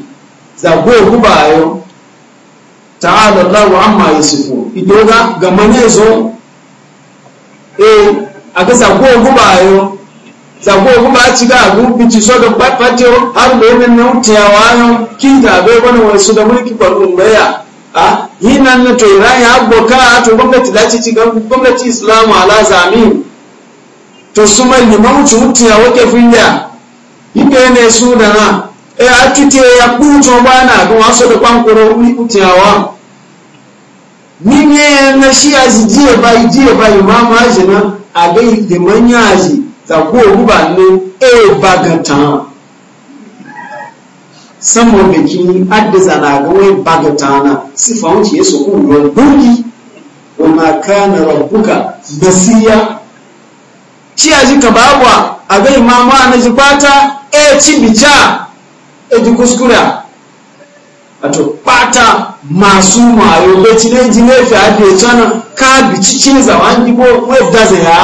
zago gubayo ta'ala Allah amma sifo idoga ga manezo eh a ga zago gubayo Sabuwa kuma a cika abin bici so da fatfatiyar har da yamin nan tiyawayan kinta bai wani wasu da mulki farkon baya a yi nan na toiran ya aboka a to gwamnati lati ci gwamnati islamu ala zami to su mai liman wuce ya wake finya yi ka yana su da na e a kite ya kuto ba na ga wasu da kwankuro mutiyawa ni ne na shi a jiya ba jiya ba imama ajina a gai da manya ajiyar tàbí òwúbà ní èèbà gàntàn sanwó bèkí adìsànà àgbọ̀wé bagàntàna sí fàwọn tìyẹ sọkún wọn lórí wọn àká nàrọ tí a ji kaba na abẹ́ ìmàmú a pátá ẹ̀ tí bìjà kuskura masu mayo bẹ́ẹ̀ tí lẹ́yìn jí lẹ́fẹ̀ẹ́ adìyẹ tánà káàbì ha.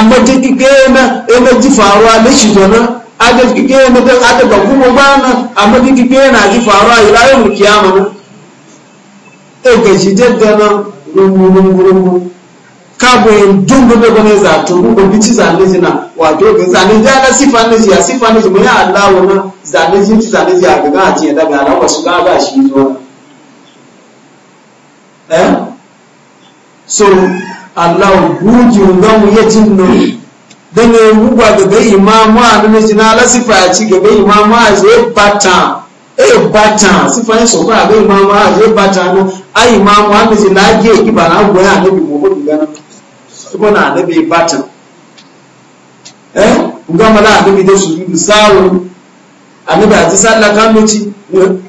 amma ta kike na e ma ji faruwa na shi zona ada kike na da ada ba kuma ba na amma ta kike na ji faruwa ila yau mu kiyama mu e ga shi jadda na rungu rungu rungu ka bo en dungu da gane za to rungu bi ci zane jina wato ga zane ja na sifa ne ya sifa ne mu ya Allah wana zane ji ci zane ji a ga ga ji da ga Allah wasu ga ba shi zo eh so Allah guji ngamu ya jinno dan ya gugwa daga imamu a sifa ci gaba imamu a e zai bata e bata sifa ya ga imamu a zai e bata no a imamu a ba na goya annabi Muhammad gana ko na bata eh da su yi a sallah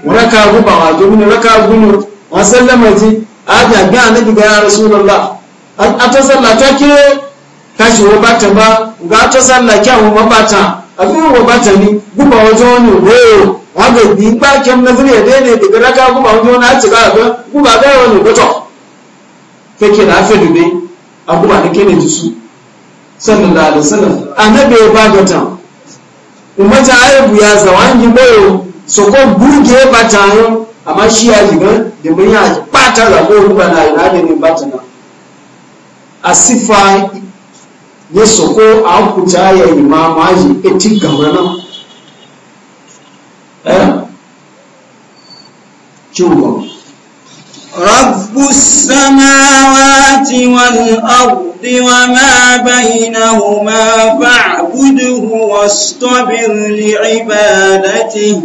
raka guba raka gunu wa sallama ji a ga ga ya ata sallah ta ke kashi wa bata ba ga ata sallah kyawun wa bata abin wa bata ni guba wajen wani royo waga ni ba kyan nazari ya daina daga raka guba wajen wani a cika ga guba ga wani goto kake na afe dube a guba da kene ji su sallallahu alaihi wasallam annabi ya bagata ummata ayyubu ya zawangi boyo so ko burge bata yo amma shi ya jiga da mun ya bata da ko guba na ina da ne bata na asifa ya soko a kuta ya yi mamaji eti gamana ciwo رب السماوات والأرض وما بينهما فاعبده واصطبر لعبادته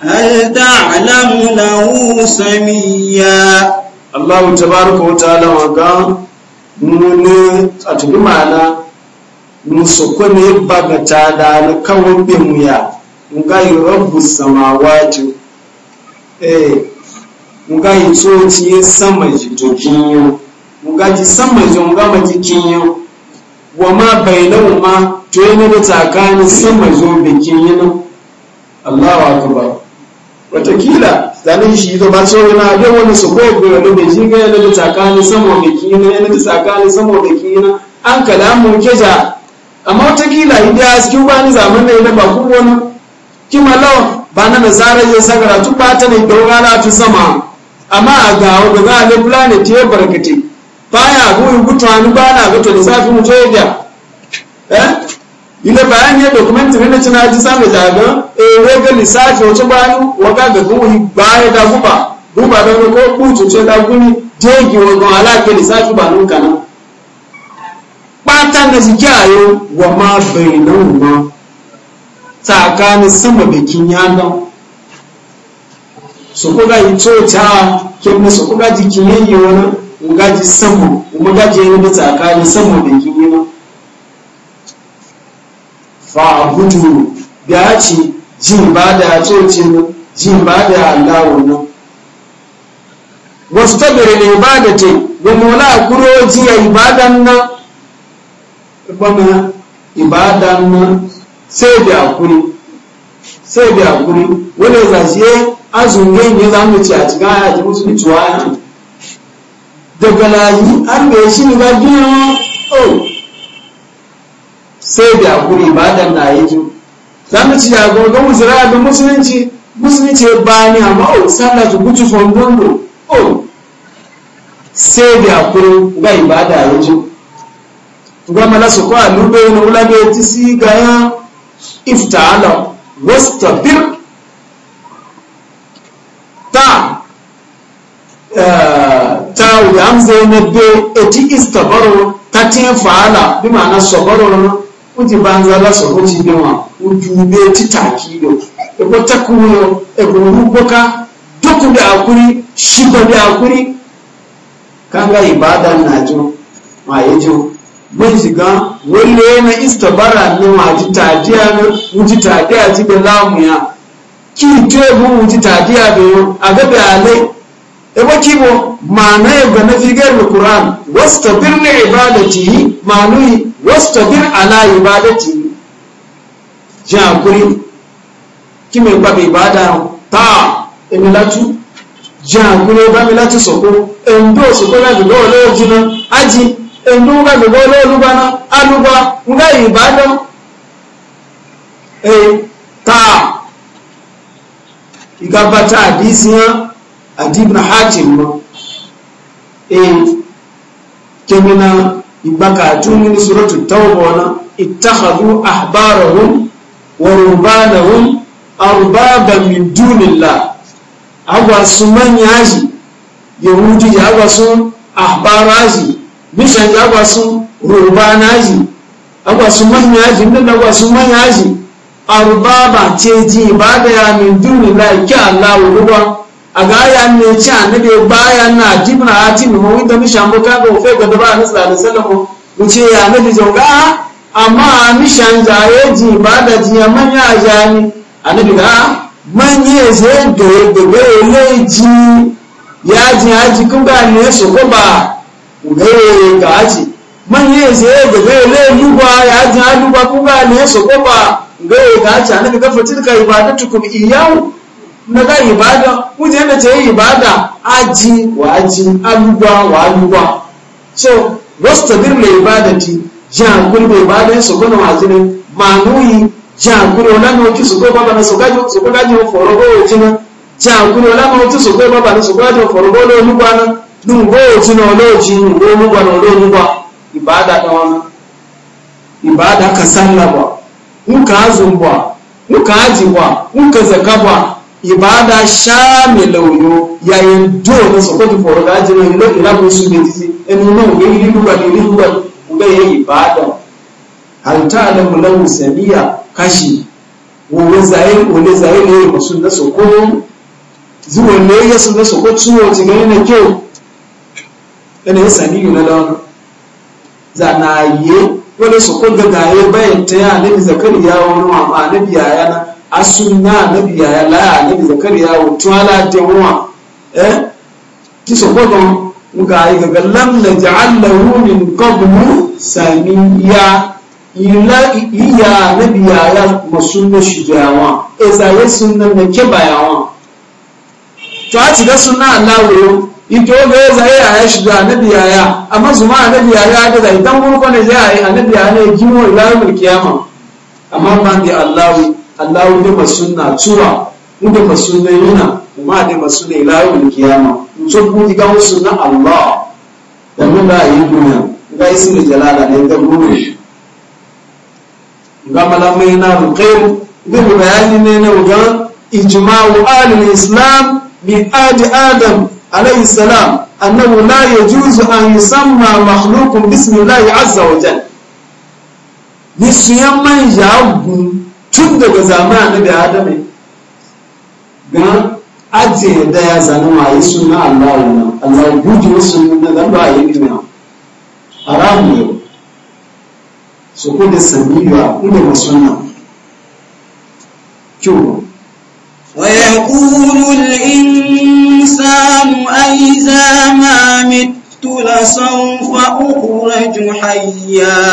هل تعلم له سميا الله تبارك وتعالى وقال nuna a tubi ma'ana nusoko ne ta da na kawon bemuya nga yi rabu samawati eh nga yi tsoci ya sama ji to kinyo nga ji sama ji nga ma ji kinyo wa ma bainahu ma to yana da tsakanin sama zo bikin na? Allahu akbar watakila zanen shi to ba cewa na ga wani su ko ga da shi ga yana da tsakanin samo da kina yana da tsakanin samo da kina an kalamun keja amma watakila idan askin bani zaman ne da ba ku wani kimalawa ba na nasara ya sagara tu ba ta ne dogara tu sama amma a ga wanda za a ne planet ya barkate baya goyi gutanu ba na gato da safi mu je da eh ile bayani ya dokumenti ne cina ji sa da jaga e wega lissafi wato bayan waga ga gumi baya da guba guba da ko kutu ce da gumi jegi wa gon alake lissafi ba nun kana pata na jiki ayo wa ma bainan ma tsakanin sama bikin yana su kuga yi coca na su kuga jikin yayi wani ugaji sama ugaji yana da tsakanin sama bikin yana fa'abudu da ya ce jin ba da ya tsoce nan jin ba da ya allawo nan wasu tabiri ne ba da te ga mola kuro jiya ibadan nan gbama ibadan nan sai da hakuri sai da hakuri wani zashe azungai ne za mu ci a cikin haya ji musu ciwa daga layi an da shi ne ba biyu. Oh. sai da hakuri ibadan na yi ju za mu ci yago ga musira ga musulunci musulunci ba ni amma o oh, sallah su gutu son dondo o oh. sai da hakuri ga ibada yi ju tuba mala su kwa lube na ulage ti si ga ya iftala wastabir ta eh, ta wuya amza na be eti istabaro ta tin fa'ala bi ma'ana sabaro na kuti banza la soko chibewa ujube titakido ebo takuyo ebo ruboka doku da akuri shiba da akuri kanga ibada najo mayejo mun shiga wanda na istabara ne waji tadiya ne wuji tadiya ji da lamu ya ki to bu wuji tadiya da yo aga da ale ebo kibo ma'ana ya ga na figar qur'an wastabir li ibadatihi manuyi wastabir ala ibadati jin hakuri kí mi gbàgbé ìbáda táà èmi látú jin hakuri bá mi láti sọ̀kó ẹ̀ndó sọ̀kó láti lọ́wọ́ lọ́wọ́ jiná ájí ẹ̀ndó ń gbàgbé bọ́ lọ́wọ́ lúbaná alúba ń gbà e ẹ̀ bakatun min suratu tauba wana ittakhadhu ahbarahum wa rubanahum arbaban min dunillah agwa su manyaji yahudi da agwa su ahbaraji mishan da agwa su rubanaji agwa su manyaji da agwa su manyaji arbaba ce ji ba da ya min dunillah ki Allah ruwa agaya ne ci annabi baya na jibna ati mu mu da mishan ofe ka go fe godo ba nasala sallallahu mu ce ya annabi jonga amma mishan zaye ji ibada ji manya ajani annabi ga manye ze de de be leji ya ji aji kun ga ne su ko ba ure ga aji manye ze de be le lugwa ya ji aluwa kun ga ne su ko ba ure ga aji annabi ga fatilka ibadatukum iyahu naga ibada wuje na ce ibada aji wa aji alugwa wa alugwa so wastadir la ibadati jan kun da ibada so gona wa jini manuyi jan kun ma no ki so ko baba na so gajo so ko gajo foro go jina jan kun ola no ti so ko baba na so gajo foro go lo lugwa na dun go jina lo jin go lugwa na lo lugwa ibada da wana ibada ka sallaba muka azumba muka ajibwa muka zakabwa ibada lauyo yayin na soko kwaji foro da ajiyar na ilabun su ne jisi inu nan ga yi duba da yi duba ga yi ibada halitta da mulan sabiya kashi wani zaye wani zaye ne ma sun na soko zuwa ne ya sun na soko ciwo ci gani na kyau ɗana ya sani yi na ye zanaye wani soko ga gaye bayan ta yana zakari ya wani mama na biyayana asunna anabi yala anabi zakariya wato ala jawwa eh ki so ko don muka yi ga lam la ja'alahu min qablu samiya ila iya nabi yala masunna shijawa e za ya sunna ne ke bayawa to a ci da sunna Allah wo ito ga za ya ya shiga nabi ya amma zuma nabi ya da idan mun kone ya yi annabi ne gimo ila mulkiyama amma ban da Allah Allah allahu da suna Tura, mu da suna yana kuma ma masunna ila yawon kiyama mutum ku diga musu na allah da mun da yi duniya ga isi da jalala ne da gure ga malamai na ruqaym da bayani ne na ga ijma'u ahlul islam min adi adam alayhi salam annahu la yajuzu an yusamma makhluqun bismillahi azza wa jalla ni suyan man ya gun tun daga zamanin da adamai ga ajiye yadda ya zane ma yi suna Allah wannan Allah buji wasu na zan ba yi a haramu yau so ko da samiya ko da suna. kyau ويقول الإنسان ما مت لسوف أخرج حيا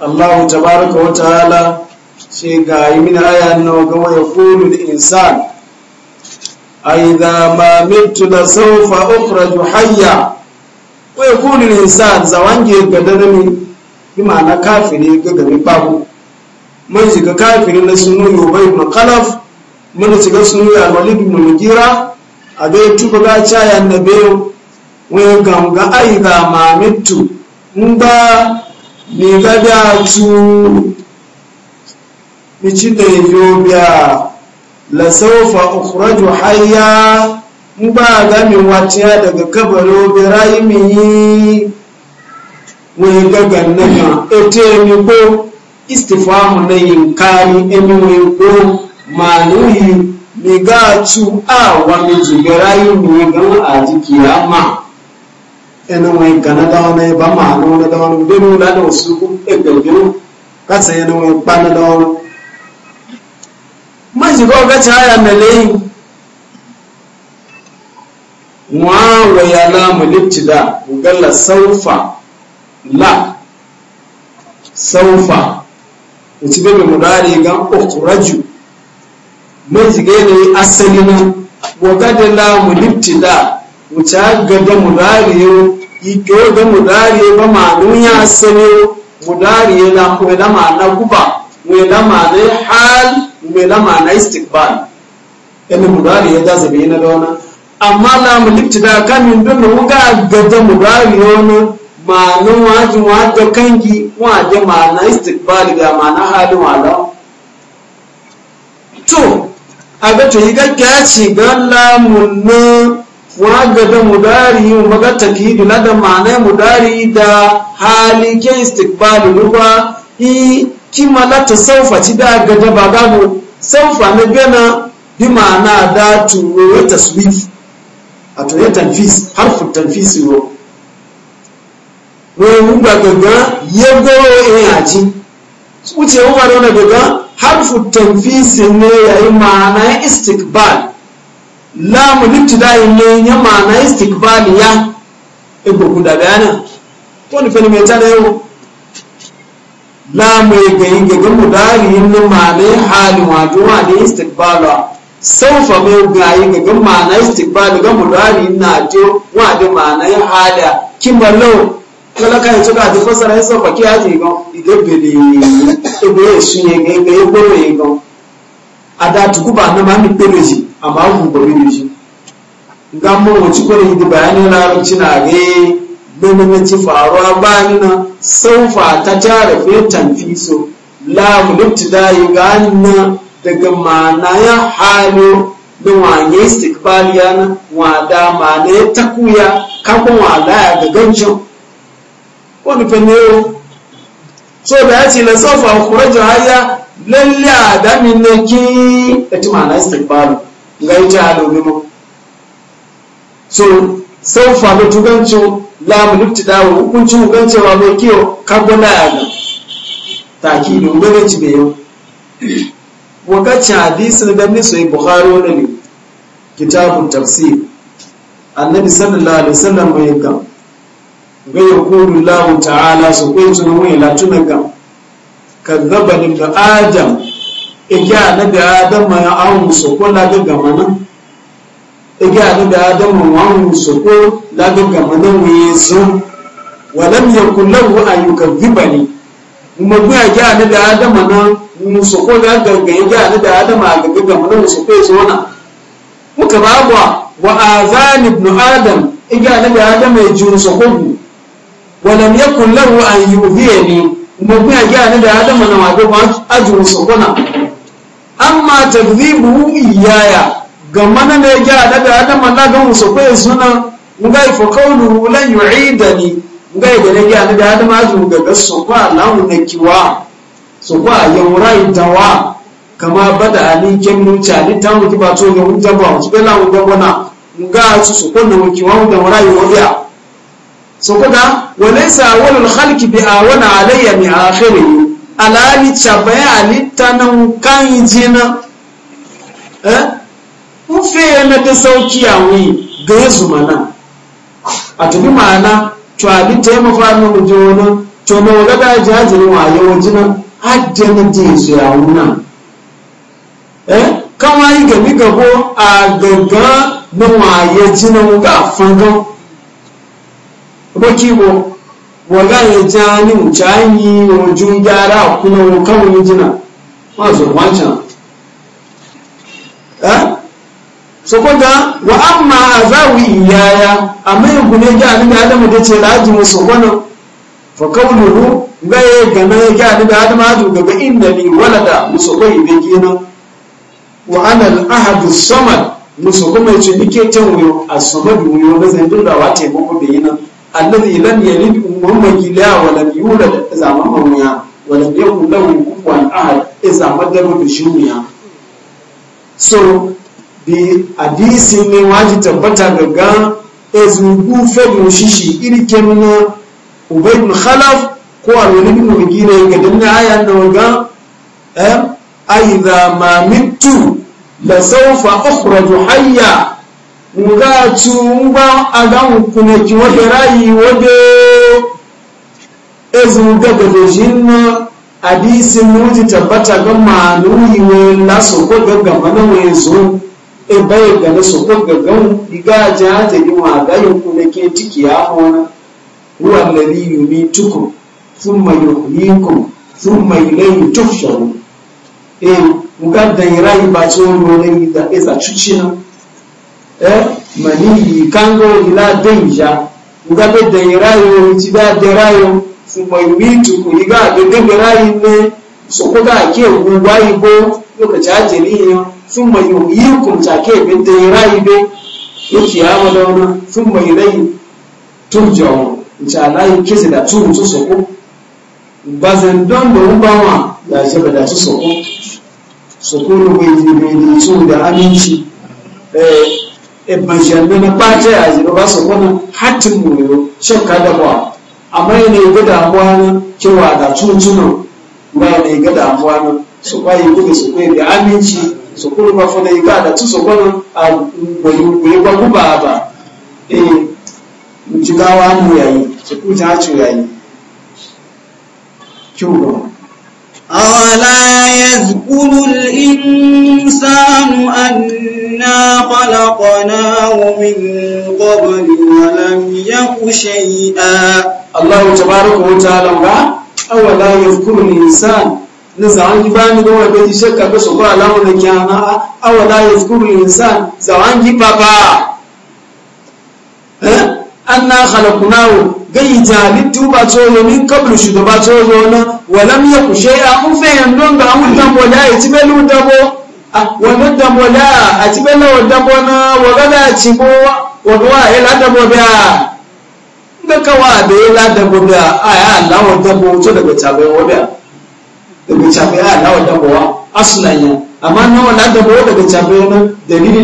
Allah tabaraka wa ta'ala ce ga yi min aya na ga wa yaqulu al-insan aidha ma mitu la sawfa ukhraju hayya wa yaqulu al-insan zawange ga danami bi ma'ana kafiri ga gami babu mun shiga kafiri na sunu yubay ibn qalaf mun shiga sunu al-walid ibn mugira abe tuba ga chaya annabe wa ganga aidha ma mitu in ba Ni ka da tu mi ci da yo biya la sawfa ukhraju hayya mu ba ga mi watiya daga kabaro bi rayi mi yi wani ete mi ko istifamu na yin kari emi wani ko manuhi Ni ga tu a wani jibirayi mi gan a jikiyama ena mai gana da wani ba ma na wani da wani bin wula da wasu kun ɗaggaggin kasa yana mai kwana da wani man shiga wa gaci haya na layi wa wa ya la mu libtida galla saufa la saufa wuce bebe mu dare ga ukuraju man shiga yanayi asali na wa gada la mu libtida wuce ga da mudariyo ike ga mudariyo ba ma'anun ya sani mudariyo na kuma da ma'ana guba mai da ma'ana hal mai da ma'ana istikbal yana mudariyo da zabe na da amma la mu libtida kamin don mu ga ga da mudariyo ne ma'anun wajin wajen kangi wajen ma'ana istikbal ga ma'ana halin wala to a ga to yi gaggaci ga lamun muhaddada mudari magata kidu lada ma'ana mudari da hali ke istikbali ruwa i kima la saufa ci da gada ba gago saufa na gana bi ma'ana da turowe taswif a turowe tanfis harfin tanfis yo wani mugba gaga ya goro in yaji wuce wani gaga harfin tanfis ne yayi ma'ana istikbali lamu littidai ne ya mana istikbali ya igbogun da bayana to ni fani mai tana yau lamu ya gayi gagin mudari yin na mana halin wajo ma da sau fa mai gayi gagin mana istikbali ga mudari na jo wa da mana ya hada kimballo kala ka yi cika ti fasara yi saufa ki haji gan idebele ebe esu yẹn gẹgẹ egboro yẹn gan adatukuba anamami pereji amma mu gobe ne shi ga mu wuci ko yi bayanin larabci na ga bene ci faruwa ba ni na saufa ta tare fe tanfiso la yi ga na daga ma'ana ya halo da wanye istikbaliya na wada ma'ana ya takuya kakon wada ya ga gancin wani fanero so da ya ce na saufa kura haya lalle a damin na ki da tumana istikbaliya ngai ta hado so sau fa mu tuganci la mu nufti dawo hukunci hukunci wa mai kiyo kabona ya ga taki ne wani ci bayo wakacin hadisin da ni yi bukhari wani ne kitabun tafsir annabi sallallahu alaihi wasallam bai ga ga yaqulu allah ta'ala su kai latunan wai la tunaga ni ga adam ege anabi adamu ahụ nsokwo lagụgamana ege anabi adamu ahụ nsokwo lagụgamana wee zo walam yakun lahu an yukadhibani mmagbu ege anabi adamu na nsokwo ga ege anabi adamu agagagamana nsokwo ezona muka ba agwa wa azan ibn adam ege anabi adamu ji nsokwo gwu walam yakun lahu an yudhiyani mmagbu ege anabi adamu na wagagwa ajụ nsokwo na amma takdhibu iyaya ga na ne ga da da na ga musu ko suna ngai fa qawluhu la yu'idani ngai da ne ga da adam azu ga gasu ne kiwa su so ya yawrai tawa kama bada ali kemnu ni ta mu kiba to ga unta ba su bela mu ga bana ga su su ko na kiwa da wa wadiya so ko da walaysa awalul khalqi bi awana alayya mi akhirih alali cabai halitta nan kan jina eh ufe na ta sauki a wuyi ga yanzu mana a tafi ma'ana to halitta ya mafa na wuje wani to na waga da jajirin waye wajinan hajjana je su ya wuna eh kama yi gami gabo a gangan na waye jinan ga fangan rokibo waga ya ja ni mu ni mu jun gyara kuma mu kawo ni jina ma so wancan eh so ko wa amma azawi iyaya amma yin gune ga ni da adama da ce laji mu so kono fa qawluhu ga ya ga na ga ni da adamu adu ga ba inna li walada musobai da gina wa ana al ahadu samad musobai ce nike tan wuyo as samad wuyo bazan dinda wa taimako da nan alladhi lam yalid umman gila wa lam yulad zaman mawuya wa lam yakun lahu kufuwan so di hadisi ne waji tabbata gaga ezugu fedu shishi iri kemna ubay ibn khalaf ko alwalid ibn mugina ga ne aya da waga eh aidha ma mitu la sawfa ukhraju hayya nga tsungwa agamu kuna kiwade rayi wade ezu gaba tabbata ga manuyi we la so gaga mana we zo e bai gaga iga ja ni wa ga yin ke tiki ya huwa alladhi yumitukum thumma yuhyikum thumma ilayhi tuhsharun e Eh, maniyi kango ila denja nga be deirayo ti ba deirayo sumo imitu ku iga be deirayo ne so ko ga ke ku wa ibo yo ka cha jeri yo sumo yo yi ku cha ke be deirayo be yo ki ama da ona sumo ilai turjo cha lai kese da tu so soko ko bazan don da ubawa ya ce da su soko Soko so ko ne da aminci eh ebanshiyarbe na ɓata ya zira ba su wani hatin moyo shakka da ba amma yana yi ga damuwa na kewa da tuntuna ba yana yi ga damuwa na su ba gudu su kwaye da aminci su kuma ba fana yi da tu su wani a goyi ba guba ba eh jigawa mu yayi su yayi kyau ba أولا يذكر الإنسان أنا خلقناه من قبل ولم يك شيئا الله تبارك وتعالى أولا يذكر الإنسان نزعان جبان دوا بدي شكا بسوا الله ونكانا أولا يذكر الإنسان زعان جبابا أنا خلقناه gai jalittu ba tsoyo min kablu shugaba tsoyo na walam yaku shay'a mun fe don ga mun dambo da ya tibe lu dabo wani dambo da a tibe lu dabo na waga da ci ko waga wa ya la dabo da ga kawa da ya la dabo a ya Allah wa dabo daga tabe wa da daga tabe ya Allah wa dabo wa aslan amma na wala dabo daga tabe na dalili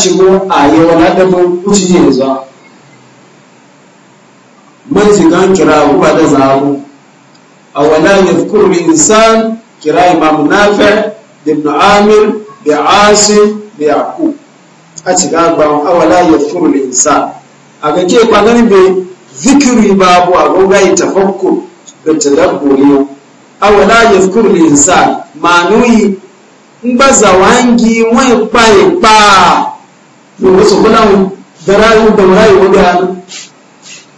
ci ko a man shigan kira da awala yadhkuru al-insan kira imam nafi' ibn amir bi asim bi yaqub a ciga ba awala yadhkuru al-insan aga ke kwangani be zikiri babu a goga yi tafakkur da tadabburiyo awala yadhkuru al-insan manuyi ngbaza wangi wọn pa ipa lòwòsàn fúnláwọn dára ń dọ̀rọ̀ ìwọ́gbà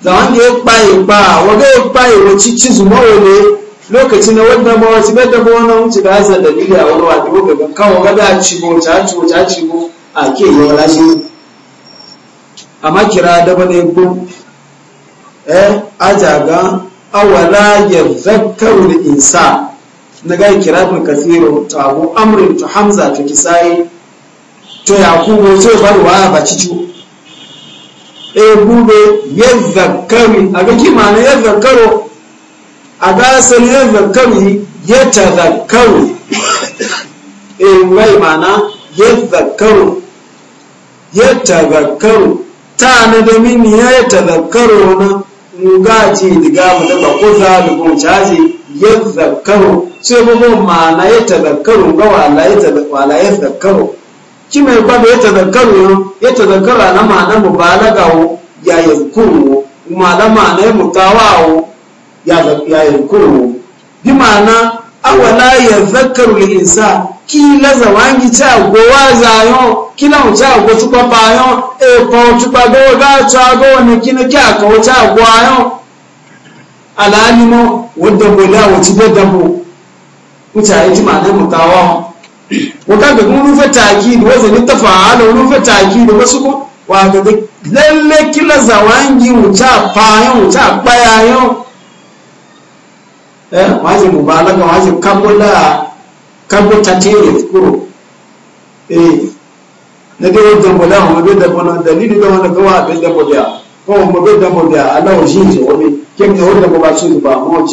zaman da ya kpaye ba waga ya kpaye wa cici zuma wale lokaci na wadda ba wasu bai ba wani wuce da hasa dalili a wani wadda ba gaban kawo ga a cibo ta cibo ta cibo a ke yi wa lashe a kira da ba ne ko eh ajaga awala yadhakkaru al insa na ga kira bin kasiro ta abu amrin ta hamza ta kisai to yakubu to barwa ba cicu egube yadhakkaru aga ya yadhakkaru aga asali yadhakkaru e mai mana yadhakkaru ta na da mini ya yatadhakkaru na ngaji diga mu da ba ko za mu ko ya yadhakkaru sai mu mana yatadhakkaru ga wala yatadhakkaru kima ya kwado ya tazakaru ya tazakara na ma'ana mubalaga wu, ya yankuru wo ma'ana ma'ana ya mutawa wu, ya yankuru wo bi ma'ana awala ya zakaru li insa kila zawangi cha gowa zayo kila ucha go tupa bayo e ko tupa go ga cha go ne kina kya ko cha gwayo alalimo wadda bola wuci da dabo mutane ji ma'ana mutawa wata kuma rufe taki da wasu ni tafa'ala rufe taki da wasu ko wa ga lalle kila zawangi eh kabula kabuta tere kuro eh na dai wajen bala mu bai da dalili da wani gawa bai da bala ko mu bai da bala Allah wani kin da wanda ba shi ba mu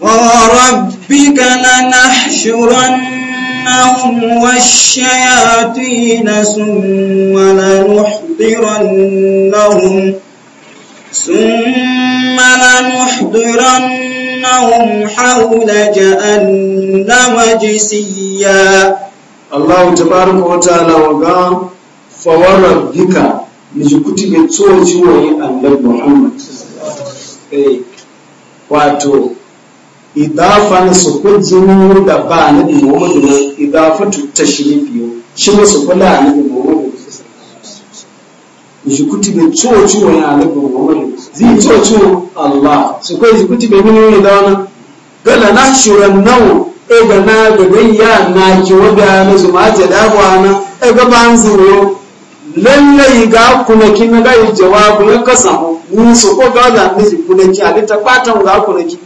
وربك لنحشرنهم والشياطين ثم لنحضرنهم ثم لنحضرنهم حول جهنم جسيا الله تبارك وتعالى وقال فوربك نجكتب تصوتي وهي النبي محمد wato idafan na su da ba na bi muhammadu na idafa tutta shi biyu shi ne su kula na bi muhammadu jikuti bai coci wani alibin muhammadu zai coci allah su kai jikuti bai mini wani dawana gala na shirin nawa ega na gagan ya na ki wada na zuma ta dabuwa na ega ban zuro lallai ga kunaki ki na yi jawabu ya kasa mu su ko ga da miji kunaki ki ta patan ga kunaki ki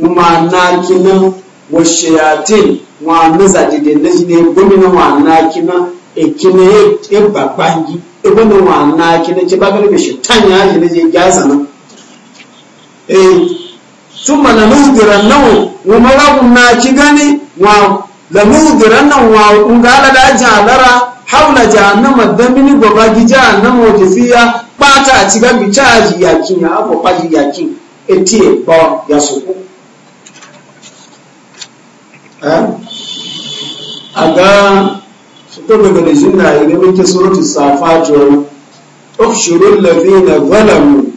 ma na kina na wa shayatin wa naza da na ne ne gomina wa na kina na e ya ne e babangi e gona e wa na ki na ki ba shi tan ya ji ne je gasa na na e, thumma lanuzdiran nahu wa malakum na ki gani wa lanuzdiran nahu wa ungala da jalara haula jahannama damini gwabagi jahannama wakifiya bata a ciga bicaji yakin ya abu kwaji yakin etie ba ya suku eh? a ga suko daga da jinna ya gami ta suratu safatu wani ukshurul ladina zalamu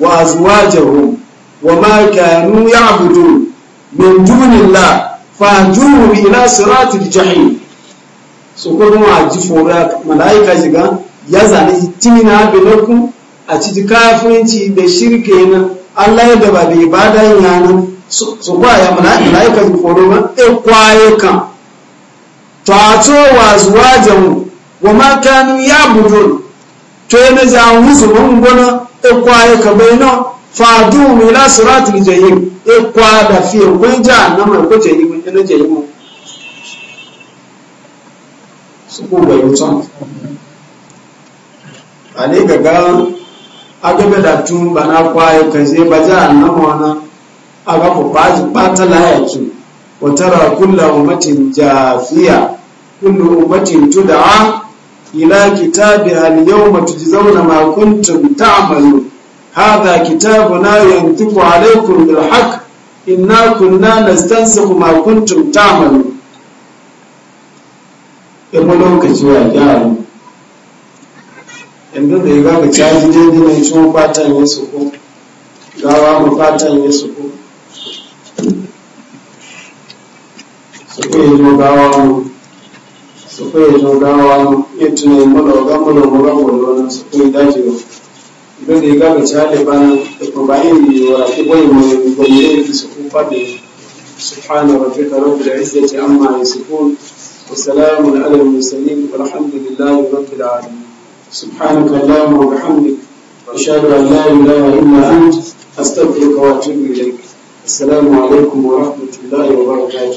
wa azwajahum wa ma kanu ya'budun min dunillah fahjuhum ila siratil jahim so ko kuma ji fora malaika shiga ya zane timina binakum a ciki kafinci da shirke na Allah ya ba da ibada yana so ba ya malaika ji fora ma e kwaye ka to a to wa zuwa jamu wa ma ya budu to yana ja musu mun gona e kwaye ka bayyana fadu mai siratul jahim e kwa da fiye kwanja ja na mai ko jahim ina e jahim suku ko bai wuta a ne gaga agabe da tun ba na kwaye kan sai ba za a nan wana ga ku baji bata layaki wa kulla jafiya kullu umatin tud'a ila kitabi al-yawma tujzauna ma kuntum hadha هذا yantiqu alaykum bil haqq inna kunna nastansikhu ma kuntum ta'malu ɗago lokaci wa gyaru yanzu da ya ka caji daidai na cikin fatan ya suko gawa mu fatan ya suko suko ya zo gawa mu suko ya zo gawa mu ya yi mana wa gama da mu gama wani suko ya dace ba. idan da ya gaga caji ba na da ba yin yi wa rafi bai mai gwamnati suko fadi subhana rabbika rabbil izzati amma yasifun وسلام على المرسلين والحمد لله رب العالمين سبحانك اللهم وبحمدك واشهد ان لا اله الا انت استغفرك واتوب اليك السلام عليكم ورحمه الله وبركاته